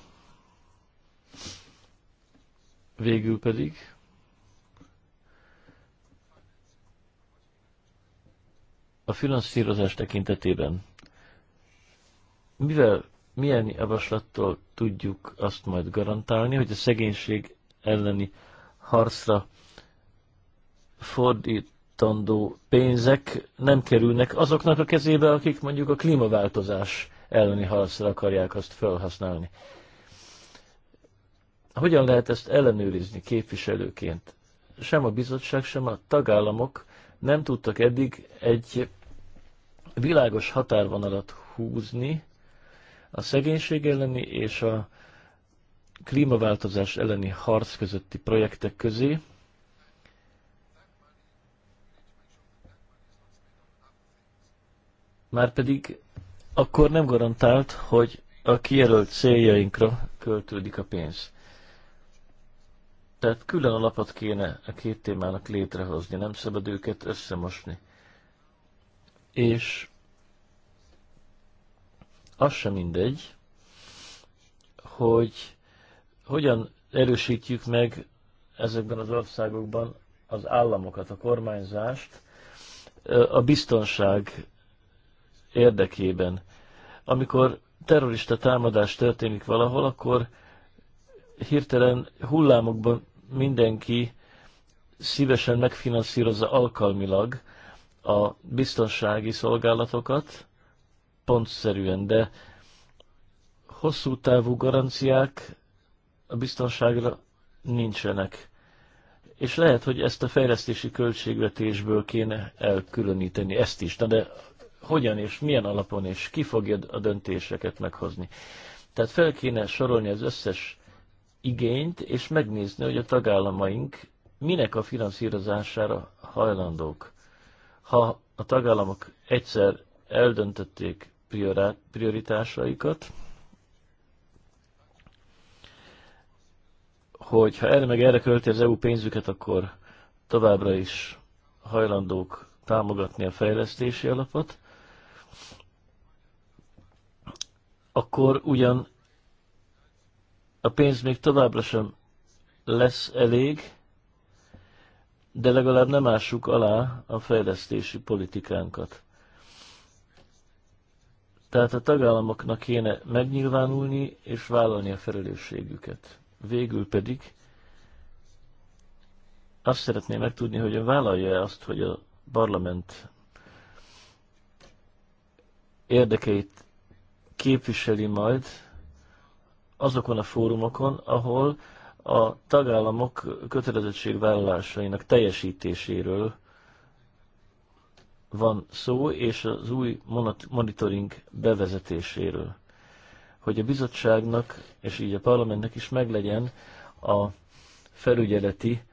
Végül pedig a finanszírozás tekintetében mivel, milyen javaslattól tudjuk azt majd garantálni, hogy a szegénység elleni harcra fordítandó pénzek nem kerülnek azoknak a kezébe, akik mondjuk a klímaváltozás elleni harcra akarják azt felhasználni. Hogyan lehet ezt ellenőrizni képviselőként? Sem a bizottság, sem a tagállamok nem tudtak eddig egy világos határvonalat húzni a szegénység elleni és a klímaváltozás elleni harc közötti projektek közé. Márpedig akkor nem garantált, hogy a kijelölt céljainkra költődik a pénz. Tehát külön alapot kéne a két témának létrehozni, nem szabad őket összemosni. És az sem mindegy, hogy hogyan erősítjük meg ezekben az országokban az államokat, a kormányzást a biztonság érdekében. Amikor terrorista támadás történik valahol, akkor hirtelen hullámokban mindenki szívesen megfinanszírozza alkalmilag a biztonsági szolgálatokat, pontszerűen, de hosszú távú garanciák a biztonságra nincsenek. És lehet, hogy ezt a fejlesztési költségvetésből kéne elkülöníteni ezt is. Na de hogyan és milyen alapon és ki fogja a döntéseket meghozni? Tehát fel kéne sorolni az összes igényt, és megnézni, hogy a tagállamaink minek a finanszírozására hajlandók. Ha a tagállamok egyszer eldöntötték prioritásaikat, hogy ha erre meg erre költi az EU pénzüket, akkor továbbra is hajlandók támogatni a fejlesztési alapot, akkor ugyan a pénz még továbbra sem lesz elég, de legalább nem ássuk alá a fejlesztési politikánkat. Tehát a tagállamoknak kéne megnyilvánulni és vállalni a felelősségüket. Végül pedig azt szeretném megtudni, hogy vállalja-e azt, hogy a parlament érdekeit képviseli majd azokon a fórumokon, ahol a tagállamok kötelezettségvállalásainak teljesítéséről van szó, és az új monitoring bevezetéséről. Hogy a bizottságnak, és így a parlamentnek is meglegyen a felügyeleti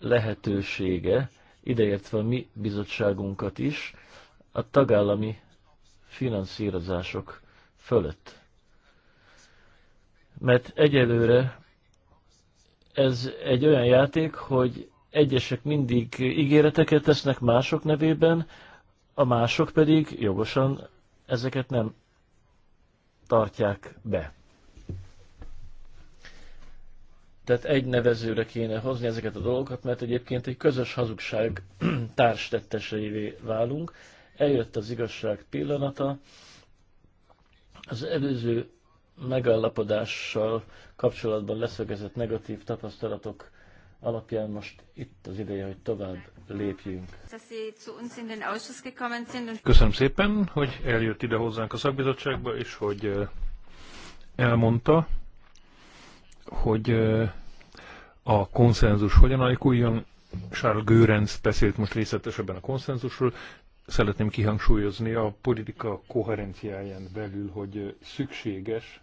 lehetősége, ideértve a mi bizottságunkat is, a tagállami finanszírozások fölött mert egyelőre ez egy olyan játék, hogy egyesek mindig ígéreteket tesznek mások nevében, a mások pedig jogosan ezeket nem tartják be. Tehát egy nevezőre kéne hozni ezeket a dolgokat, mert egyébként egy közös hazugság <clears throat> társtetteseivé válunk. Eljött az igazság pillanata. Az előző megállapodással kapcsolatban leszögezett negatív tapasztalatok alapján most itt az ideje, hogy tovább lépjünk. Köszönöm szépen, hogy eljött ide hozzánk a szakbizottságba, és hogy eh, elmondta, hogy eh, a konszenzus hogyan alakuljon. Charles Görenc beszélt most részletesebben a konszenzusról. Szeretném kihangsúlyozni a politika koherenciáján belül, hogy eh, szükséges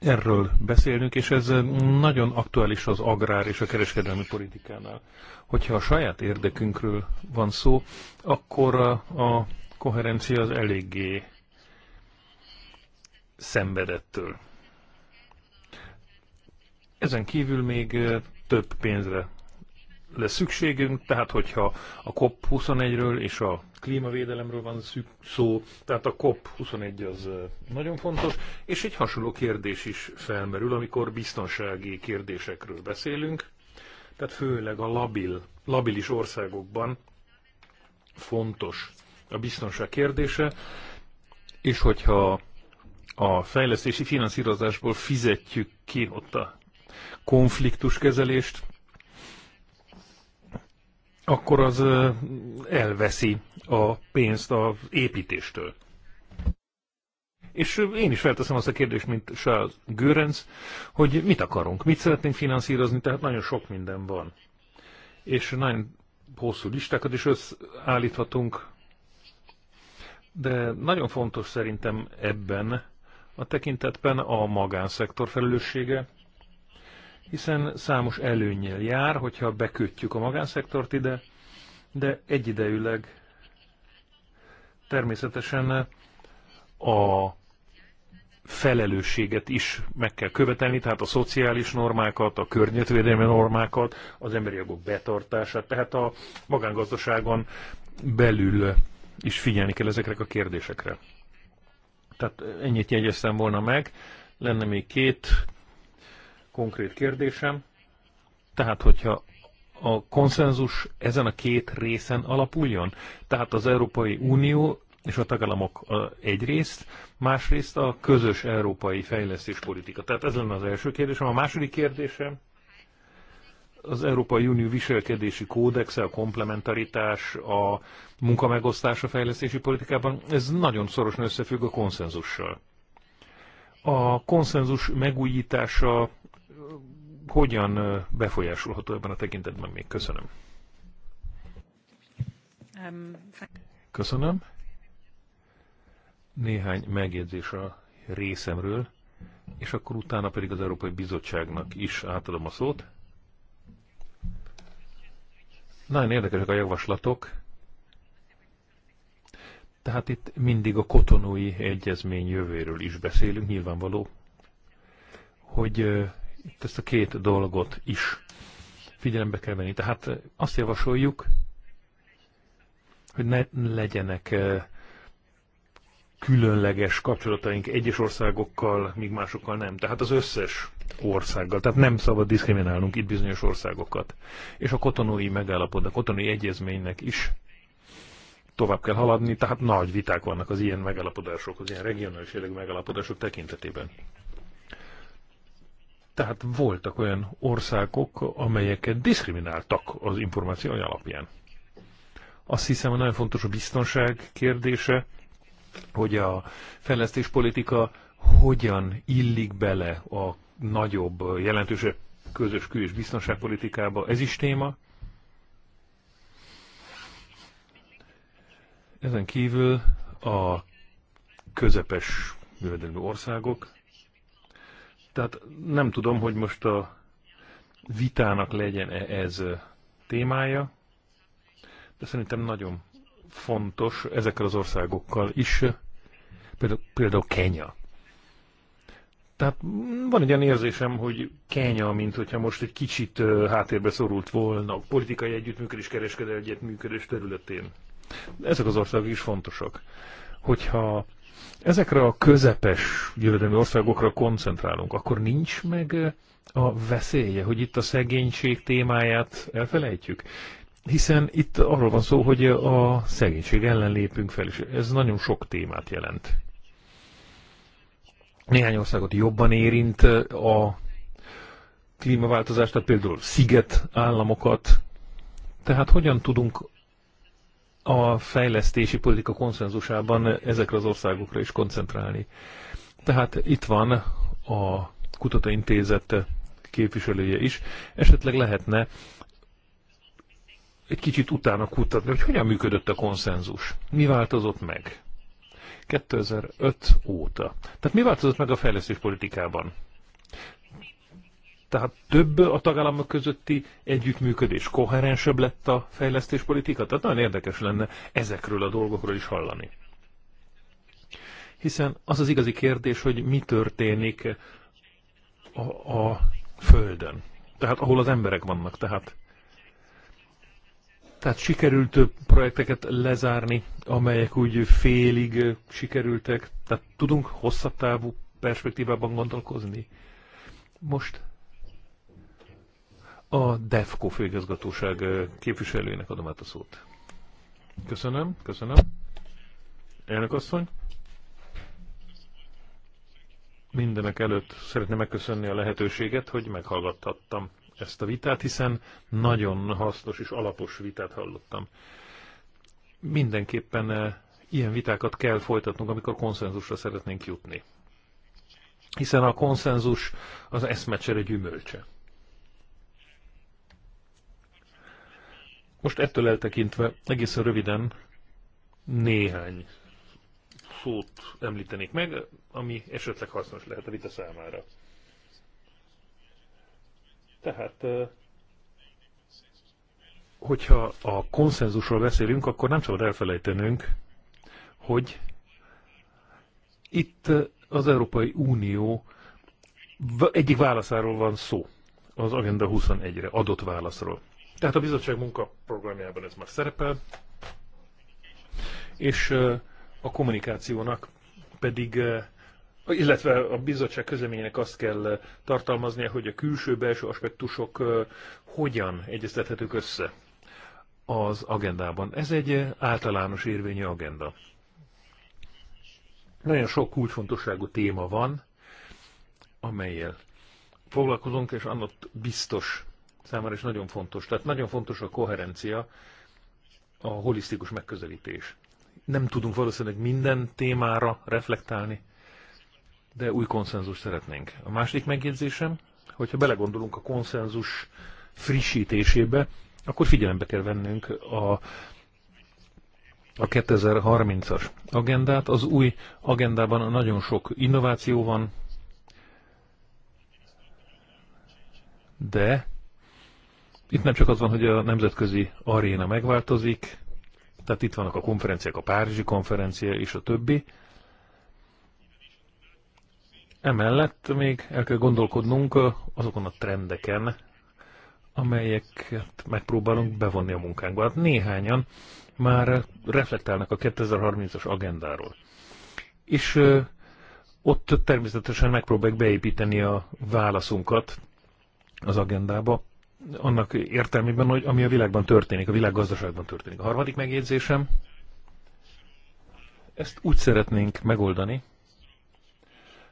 Erről beszélünk, és ez eh, nagyon aktuális az agrár és a kereskedelmi politikánál. Hogyha a saját érdekünkről van szó, akkor eh, a koherencia az eléggé szenvedettől. Ezen kívül még eh, több pénzre lesz szükségünk, tehát hogyha a COP21-ről és a klímavédelemről van szó, tehát a COP21 az nagyon fontos, és egy hasonló kérdés is felmerül, amikor biztonsági kérdésekről beszélünk, tehát főleg a labil, labilis országokban fontos a biztonság kérdése, és hogyha a fejlesztési finanszírozásból fizetjük ki ott a konfliktuskezelést, akkor az elveszi a pénzt az építéstől. És én is felteszem azt a kérdést, mint Charles Görenc, hogy mit akarunk, mit szeretnénk finanszírozni, tehát nagyon sok minden van. És nagyon hosszú listákat is összeállíthatunk, de nagyon fontos szerintem ebben a tekintetben a magánszektor felelőssége, hiszen számos előnyel jár, hogyha bekötjük a magánszektort ide, de egyidejűleg természetesen a felelősséget is meg kell követelni, tehát a szociális normákat, a környezetvédelmi normákat, az emberi jogok betartását, tehát a magángazdaságon belül is figyelni kell ezekre a kérdésekre. Tehát ennyit jegyeztem volna meg. Lenne még két konkrét kérdésem. Tehát, hogyha a konszenzus ezen a két részen alapuljon, tehát az Európai Unió és a tagállamok egyrészt, másrészt a közös európai fejlesztéspolitika. Tehát ez lenne az első kérdésem. A második kérdésem az Európai Unió viselkedési kódexe, a komplementaritás, a munkamegosztás a fejlesztési politikában, ez nagyon szorosan összefügg a konszenzussal. A konszenzus megújítása hogyan befolyásolható ebben a tekintetben még? Köszönöm. Köszönöm. Néhány megjegyzés a részemről, és akkor utána pedig az Európai Bizottságnak is átadom a szót. Nagyon érdekesek a javaslatok. Tehát itt mindig a kotonói egyezmény jövőről is beszélünk, nyilvánvaló, hogy itt ezt a két dolgot is figyelembe kell venni. Tehát eh, azt javasoljuk, hogy ne legyenek eh, különleges kapcsolataink egyes országokkal, míg másokkal nem. Tehát az összes országgal. Tehát nem szabad diszkriminálnunk itt bizonyos országokat. És a kotonói megállapodnak, kotonói egyezménynek is tovább kell haladni, tehát nagy viták vannak az ilyen megállapodások, az ilyen regionális jellegű megállapodások tekintetében. Tehát voltak olyan országok, amelyeket diszkrimináltak az információ alapján. Azt hiszem, hogy nagyon fontos a biztonság kérdése, hogy a fejlesztéspolitika hogyan illik bele a nagyobb, jelentősebb közös kül- és biztonságpolitikába. Ez is téma. Ezen kívül a közepes jövedelmi országok, tehát nem tudom, hogy most a vitának legyen -e ez témája, de szerintem nagyon fontos ezekkel az országokkal is, például, például Kenya. Tehát van egy olyan érzésem, hogy Kenya, mint hogyha most egy kicsit háttérbe szorult volna a politikai együttműködés, kereskedelmi együttműködés területén. Ezek az országok is fontosak. Hogyha ezekre a közepes jövedelmi országokra koncentrálunk, akkor nincs meg eh, a veszélye, hogy itt a szegénység témáját elfelejtjük? Hiszen itt arról van szó, hogy a szegénység ellen lépünk fel, és ez nagyon sok témát jelent. Néhány országot jobban érint eh, a klímaváltozást, tehát például sziget államokat. Tehát hogyan tudunk a fejlesztési politika konszenzusában ezekre az országokra is koncentrálni. Tehát itt van a kutatóintézet képviselője is. Esetleg lehetne egy kicsit utána kutatni, hogy hogyan működött a konszenzus. Mi változott meg? 2005 óta. Tehát mi változott meg a fejlesztés politikában? Tehát több a tagállamok közötti együttműködés, koherensebb lett a fejlesztéspolitika, tehát nagyon érdekes lenne ezekről a dolgokról is hallani. Hiszen az az igazi kérdés, hogy mi történik a, a földön, tehát ahol az emberek vannak, tehát tehát sikerült projekteket lezárni, amelyek úgy félig sikerültek, tehát tudunk hosszabb távú perspektívában gondolkozni? Most a DEFCO főigazgatóság képviselőjének adom át a szót. Köszönöm, köszönöm. Elnök asszony. Mindenek előtt szeretném megköszönni a lehetőséget, hogy meghallgathattam ezt a vitát, hiszen nagyon hasznos és alapos vitát hallottam. Mindenképpen ilyen vitákat kell folytatnunk, amikor konszenzusra szeretnénk jutni. Hiszen a konszenzus az eszmecsere gyümölcse. Most ettől eltekintve egészen röviden néhány szót említenék meg, ami esetleg hasznos lehet a vita számára. Tehát, hogyha a konszenzusról beszélünk, akkor nem szabad elfelejtenünk, hogy itt az Európai Unió egyik válaszáról van szó, az Agenda 21-re adott válaszról. Tehát a bizottság munkaprogramjában ez már szerepel, és a kommunikációnak pedig, illetve a bizottság közleményének azt kell tartalmaznia, hogy a külső-belső aspektusok hogyan egyeztethetők össze az agendában. Ez egy általános érvényű agenda. Nagyon sok kulcsfontosságú téma van, amelyel foglalkozunk, és annak biztos számára is nagyon fontos. Tehát nagyon fontos a koherencia, a holisztikus megközelítés. Nem tudunk valószínűleg minden témára reflektálni, de új konszenzus szeretnénk. A másik megjegyzésem, hogyha belegondolunk a konszenzus frissítésébe, akkor figyelembe kell vennünk a, a 2030-as agendát. Az új agendában nagyon sok innováció van, de itt nem csak az van, hogy a nemzetközi aréna megváltozik, tehát itt vannak a konferenciák, a Párizsi konferencia és a többi. Emellett még el kell gondolkodnunk azokon a trendeken, amelyeket megpróbálunk bevonni a munkánkba. Hát néhányan már reflektálnak a 2030-as agendáról. És ott természetesen megpróbáljuk beépíteni a válaszunkat az agendába, annak értelmében, hogy ami a világban történik, a világgazdaságban történik. A harmadik megjegyzésem, ezt úgy szeretnénk megoldani,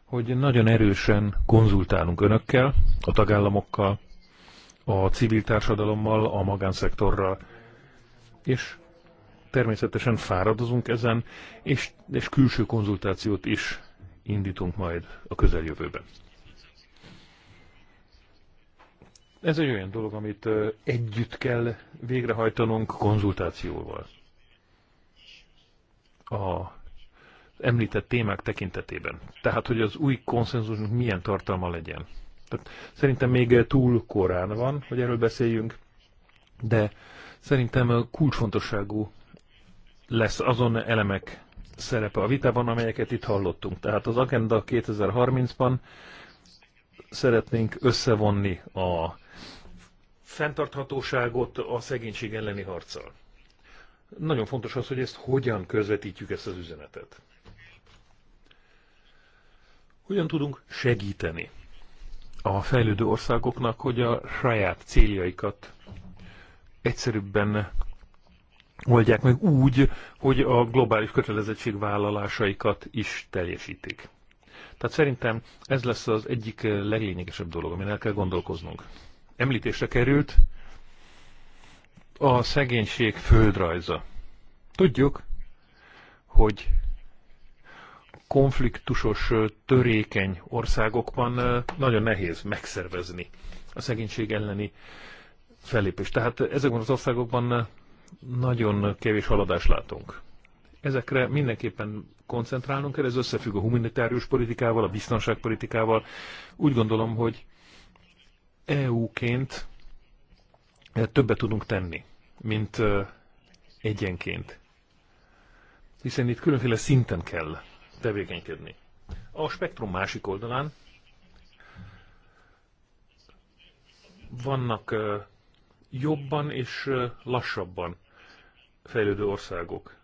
hogy nagyon erősen konzultálunk önökkel, a tagállamokkal, a civil társadalommal, a magánszektorral, és természetesen fáradozunk ezen, és, és külső konzultációt is indítunk majd a közeljövőben. Ez egy olyan dolog, amit együtt kell végrehajtanunk konzultációval. A említett témák tekintetében. Tehát, hogy az új konszenzusnak milyen tartalma legyen. Tehát szerintem még túl korán van, hogy erről beszéljünk, de szerintem kulcsfontosságú lesz azon elemek szerepe a vitában, amelyeket itt hallottunk. Tehát az Agenda 2030-ban szeretnénk összevonni a fenntarthatóságot a szegénység elleni harccal. Nagyon fontos az, hogy ezt hogyan közvetítjük ezt az üzenetet. Hogyan tudunk segíteni a fejlődő országoknak, hogy a saját céljaikat egyszerűbben oldják meg úgy, hogy a globális kötelezettségvállalásaikat is teljesítik. Tehát szerintem ez lesz az egyik leglényegesebb dolog, amin el kell gondolkoznunk említésre került, a szegénység földrajza. Tudjuk, hogy konfliktusos, törékeny országokban nagyon nehéz megszervezni a szegénység elleni fellépést. Tehát ezekben az országokban nagyon kevés haladást látunk. Ezekre mindenképpen koncentrálnunk kell, ez összefügg a humanitárius politikával, a biztonságpolitikával. Úgy gondolom, hogy EU-ként eh, többet tudunk tenni, mint eh, egyenként. Hiszen itt különféle szinten kell tevékenykedni. A spektrum másik oldalán vannak eh, jobban és lassabban fejlődő országok.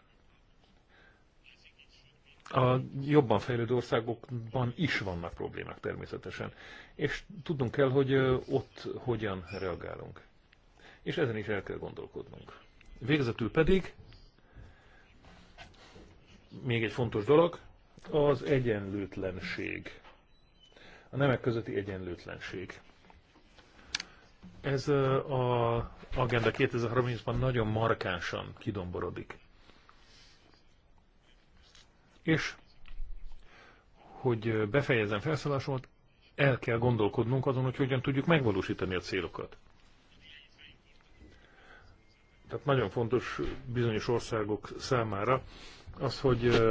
A jobban fejlődő országokban is vannak problémák természetesen és tudnunk kell, hogy ott hogyan reagálunk. És ezen is el kell gondolkodnunk. Végezetül pedig még egy fontos dolog, az egyenlőtlenség. A nemek közötti egyenlőtlenség. Ez a Agenda 2030-ban nagyon markánsan kidomborodik. És hogy befejezem felszólásomat, el kell gondolkodnunk azon, hogy hogyan tudjuk megvalósítani a célokat. Tehát nagyon fontos bizonyos országok számára az, hogy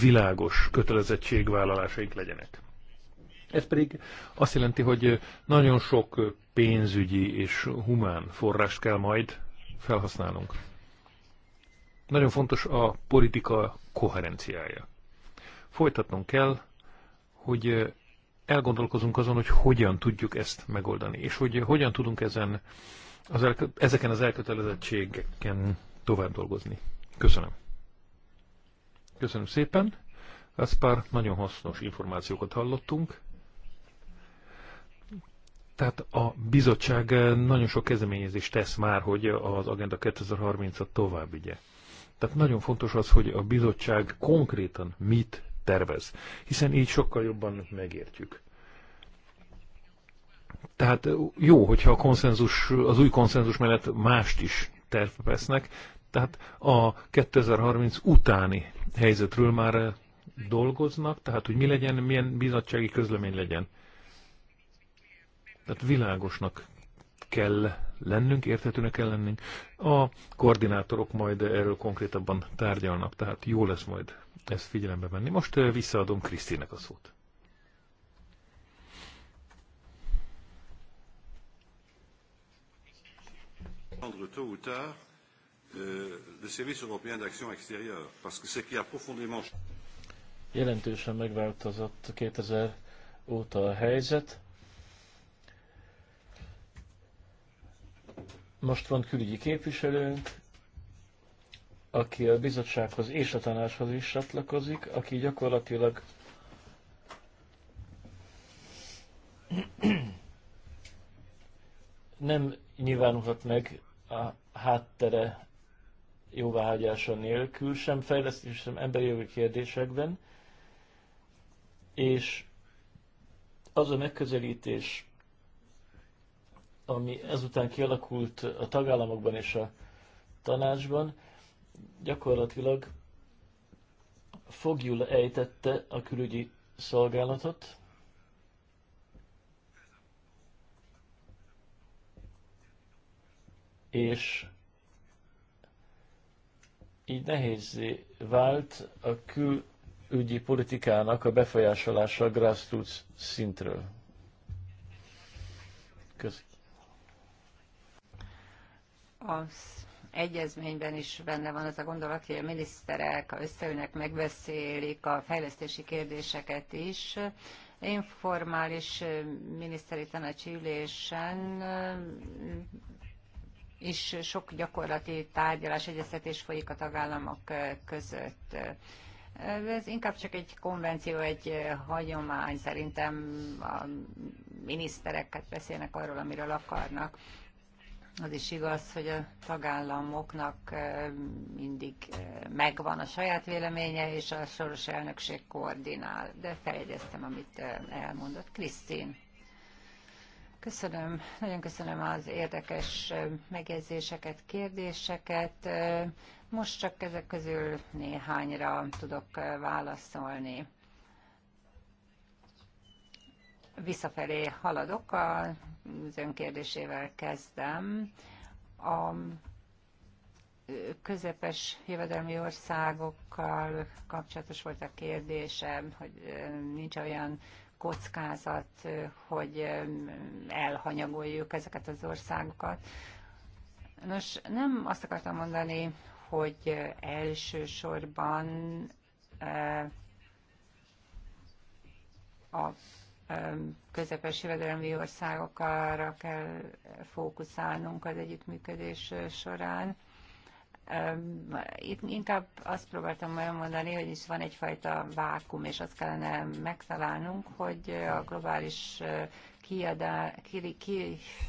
világos kötelezettségvállalásaik legyenek. Ez pedig azt jelenti, hogy nagyon sok pénzügyi és humán forrást kell majd felhasználnunk. Nagyon fontos a politika koherenciája. Folytatnunk kell, hogy elgondolkozunk azon, hogy hogyan tudjuk ezt megoldani, és hogy hogyan tudunk ezen, az ezeken az elkötelezettségeken tovább dolgozni. Köszönöm. Köszönöm szépen. pár nagyon hasznos információkat hallottunk. Tehát a bizottság nagyon sok kezdeményezést tesz már, hogy az Agenda 2030-at tovább vigye. Tehát nagyon fontos az, hogy a bizottság konkrétan mit tervez, hiszen így sokkal jobban megértjük. Tehát jó, hogyha a konszenzus, az új konszenzus mellett mást is tervbe tehát a 2030 utáni helyzetről már dolgoznak, tehát hogy mi legyen, milyen bizottsági közlemény legyen. Tehát világosnak kell lennünk, érthetőnek kell lennünk. A koordinátorok majd erről konkrétabban tárgyalnak, tehát jó lesz majd ezt figyelembe venni. Most eh, visszaadom Krisztinek a szót. rendre tôt ou tard euh, le service européen d'action extérieure, parce que ce qui a profondément Jelentősen megváltozott 2000 óta a helyzet. Most van külügyi képviselőnk, aki a bizottsághoz és a tanácshoz is csatlakozik, aki gyakorlatilag nem nyilvánulhat meg a háttere jóváhagyása nélkül, sem fejlesztés, sem emberi jogi kérdésekben, és az a megközelítés, ami ezután kialakult a tagállamokban és a tanácsban, gyakorlatilag fogjul ejtette a külügyi szolgálatot, és így nehézé vált a külügyi politikának a befolyásolása a grassroots szintről. Köszönöm. Az egyezményben is benne van az a gondolat, hogy a miniszterek összeülnek, megbeszélik a fejlesztési kérdéseket is. Informális miniszteri tanácsi ülésen is sok gyakorlati tárgyalás, egyeztetés folyik a tagállamok között. Ez inkább csak egy konvenció, egy hagyomány. Szerintem a minisztereket beszélnek arról, amiről akarnak. Az is igaz, hogy a tagállamoknak mindig megvan a saját véleménye, és a soros elnökség koordinál. De feljegyeztem, amit elmondott Krisztin. Köszönöm, nagyon köszönöm az érdekes megjegyzéseket, kérdéseket. Most csak ezek közül néhányra tudok válaszolni. Visszafelé haladok, az kérdésével kezdem. A közepes jövedelmi országokkal kapcsolatos volt a kérdése, hogy nincs olyan kockázat, hogy elhanyagoljuk ezeket az országokat. Nos, nem azt akartam mondani, hogy elsősorban a közepes jövedelmi országokra kell fókuszálnunk az együttműködés során. Itt inkább azt próbáltam elmondani, hogy is van egyfajta vákum, és azt kellene megtalálnunk, hogy a globális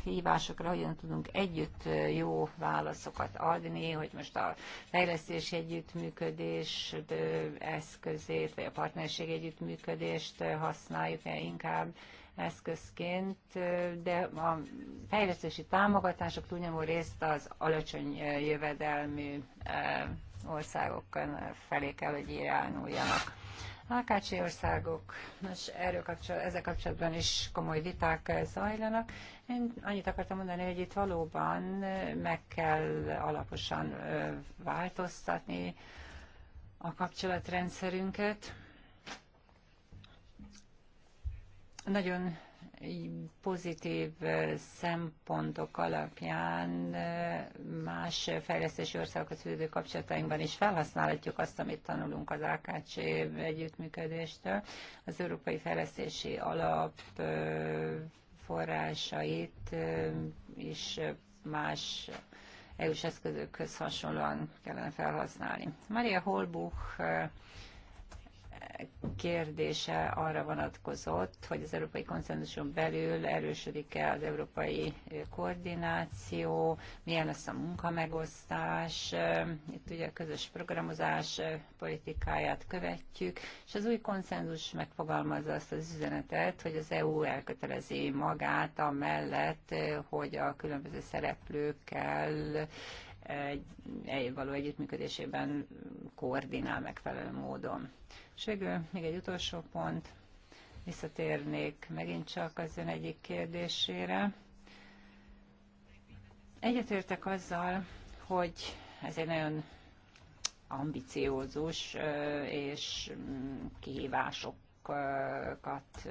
kihívásokra hogyan tudunk együtt jó válaszokat adni, hogy most a fejlesztési együttműködés eszközét, vagy a partnerség együttműködést használjuk inkább, eszközként, de a fejlesztési támogatások túlnyomó részt az alacsony jövedelmű országokon felé kell, hogy irányuljanak. AKC országok, és erről kapcsol, ezzel kapcsolatban is komoly viták zajlanak. Én annyit akartam mondani, hogy itt valóban meg kell alaposan változtatni a kapcsolatrendszerünket. Nagyon pozitív eh, szempontok alapján eh, más fejlesztési országokat fűződő kapcsolatainkban is felhasználhatjuk azt, amit tanulunk az AKC együttműködéstől. Az Európai Fejlesztési Alap eh, forrásait is más EU-s eszközökhöz hasonlóan kellene felhasználni. Maria Holbuch kérdése arra vonatkozott, hogy az európai konszenzuson belül erősödik-e az európai koordináció, milyen lesz a munkamegosztás, itt ugye a közös programozás politikáját követjük, és az új konszenzus megfogalmazza azt az üzenetet, hogy az EU elkötelezi magát amellett, hogy a különböző szereplőkkel egy, egy való együttműködésében koordinál megfelelő módon. És végül még egy utolsó pont, visszatérnék megint csak az ön egyik kérdésére. Egyetértek azzal, hogy ez egy nagyon ambiciózus és mm, kihívásokat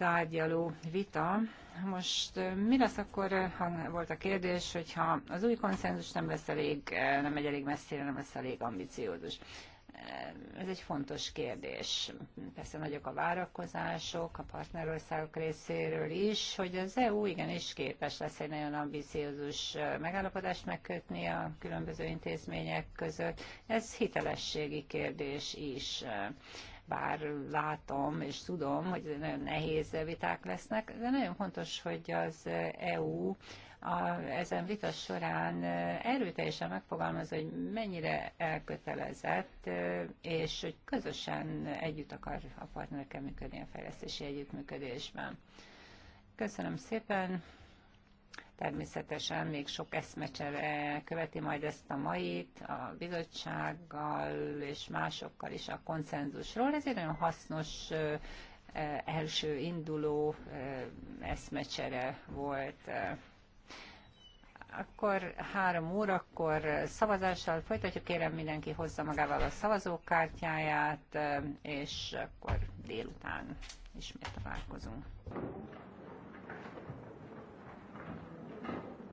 tárgyaló vita. Most mi lesz akkor, ha volt a kérdés, hogyha az új konszenzus nem lesz elég, nem megy elég messzire, nem lesz elég ambiciózus. Ez egy fontos kérdés. Persze nagyok a várakozások a partnerországok részéről is, hogy az EU igenis képes lesz egy nagyon ambiciózus megállapodást megkötni a különböző intézmények között. Ez hitelességi kérdés is bár látom és tudom, hogy nagyon nehéz viták lesznek, de nagyon fontos, hogy az EU a, ezen vita során erőteljesen megfogalmazza, hogy mennyire elkötelezett, és hogy közösen együtt akar a partnerekkel működni a fejlesztési együttműködésben. Köszönöm szépen! Természetesen még sok eszmecsere követi majd ezt a mait, a bizottsággal és másokkal is a konszenzusról. Ez egy nagyon hasznos első induló eszmecsere volt. Akkor három órakor szavazással folytatjuk, kérem mindenki hozza magával a szavazókártyáját, és akkor délután ismét találkozunk.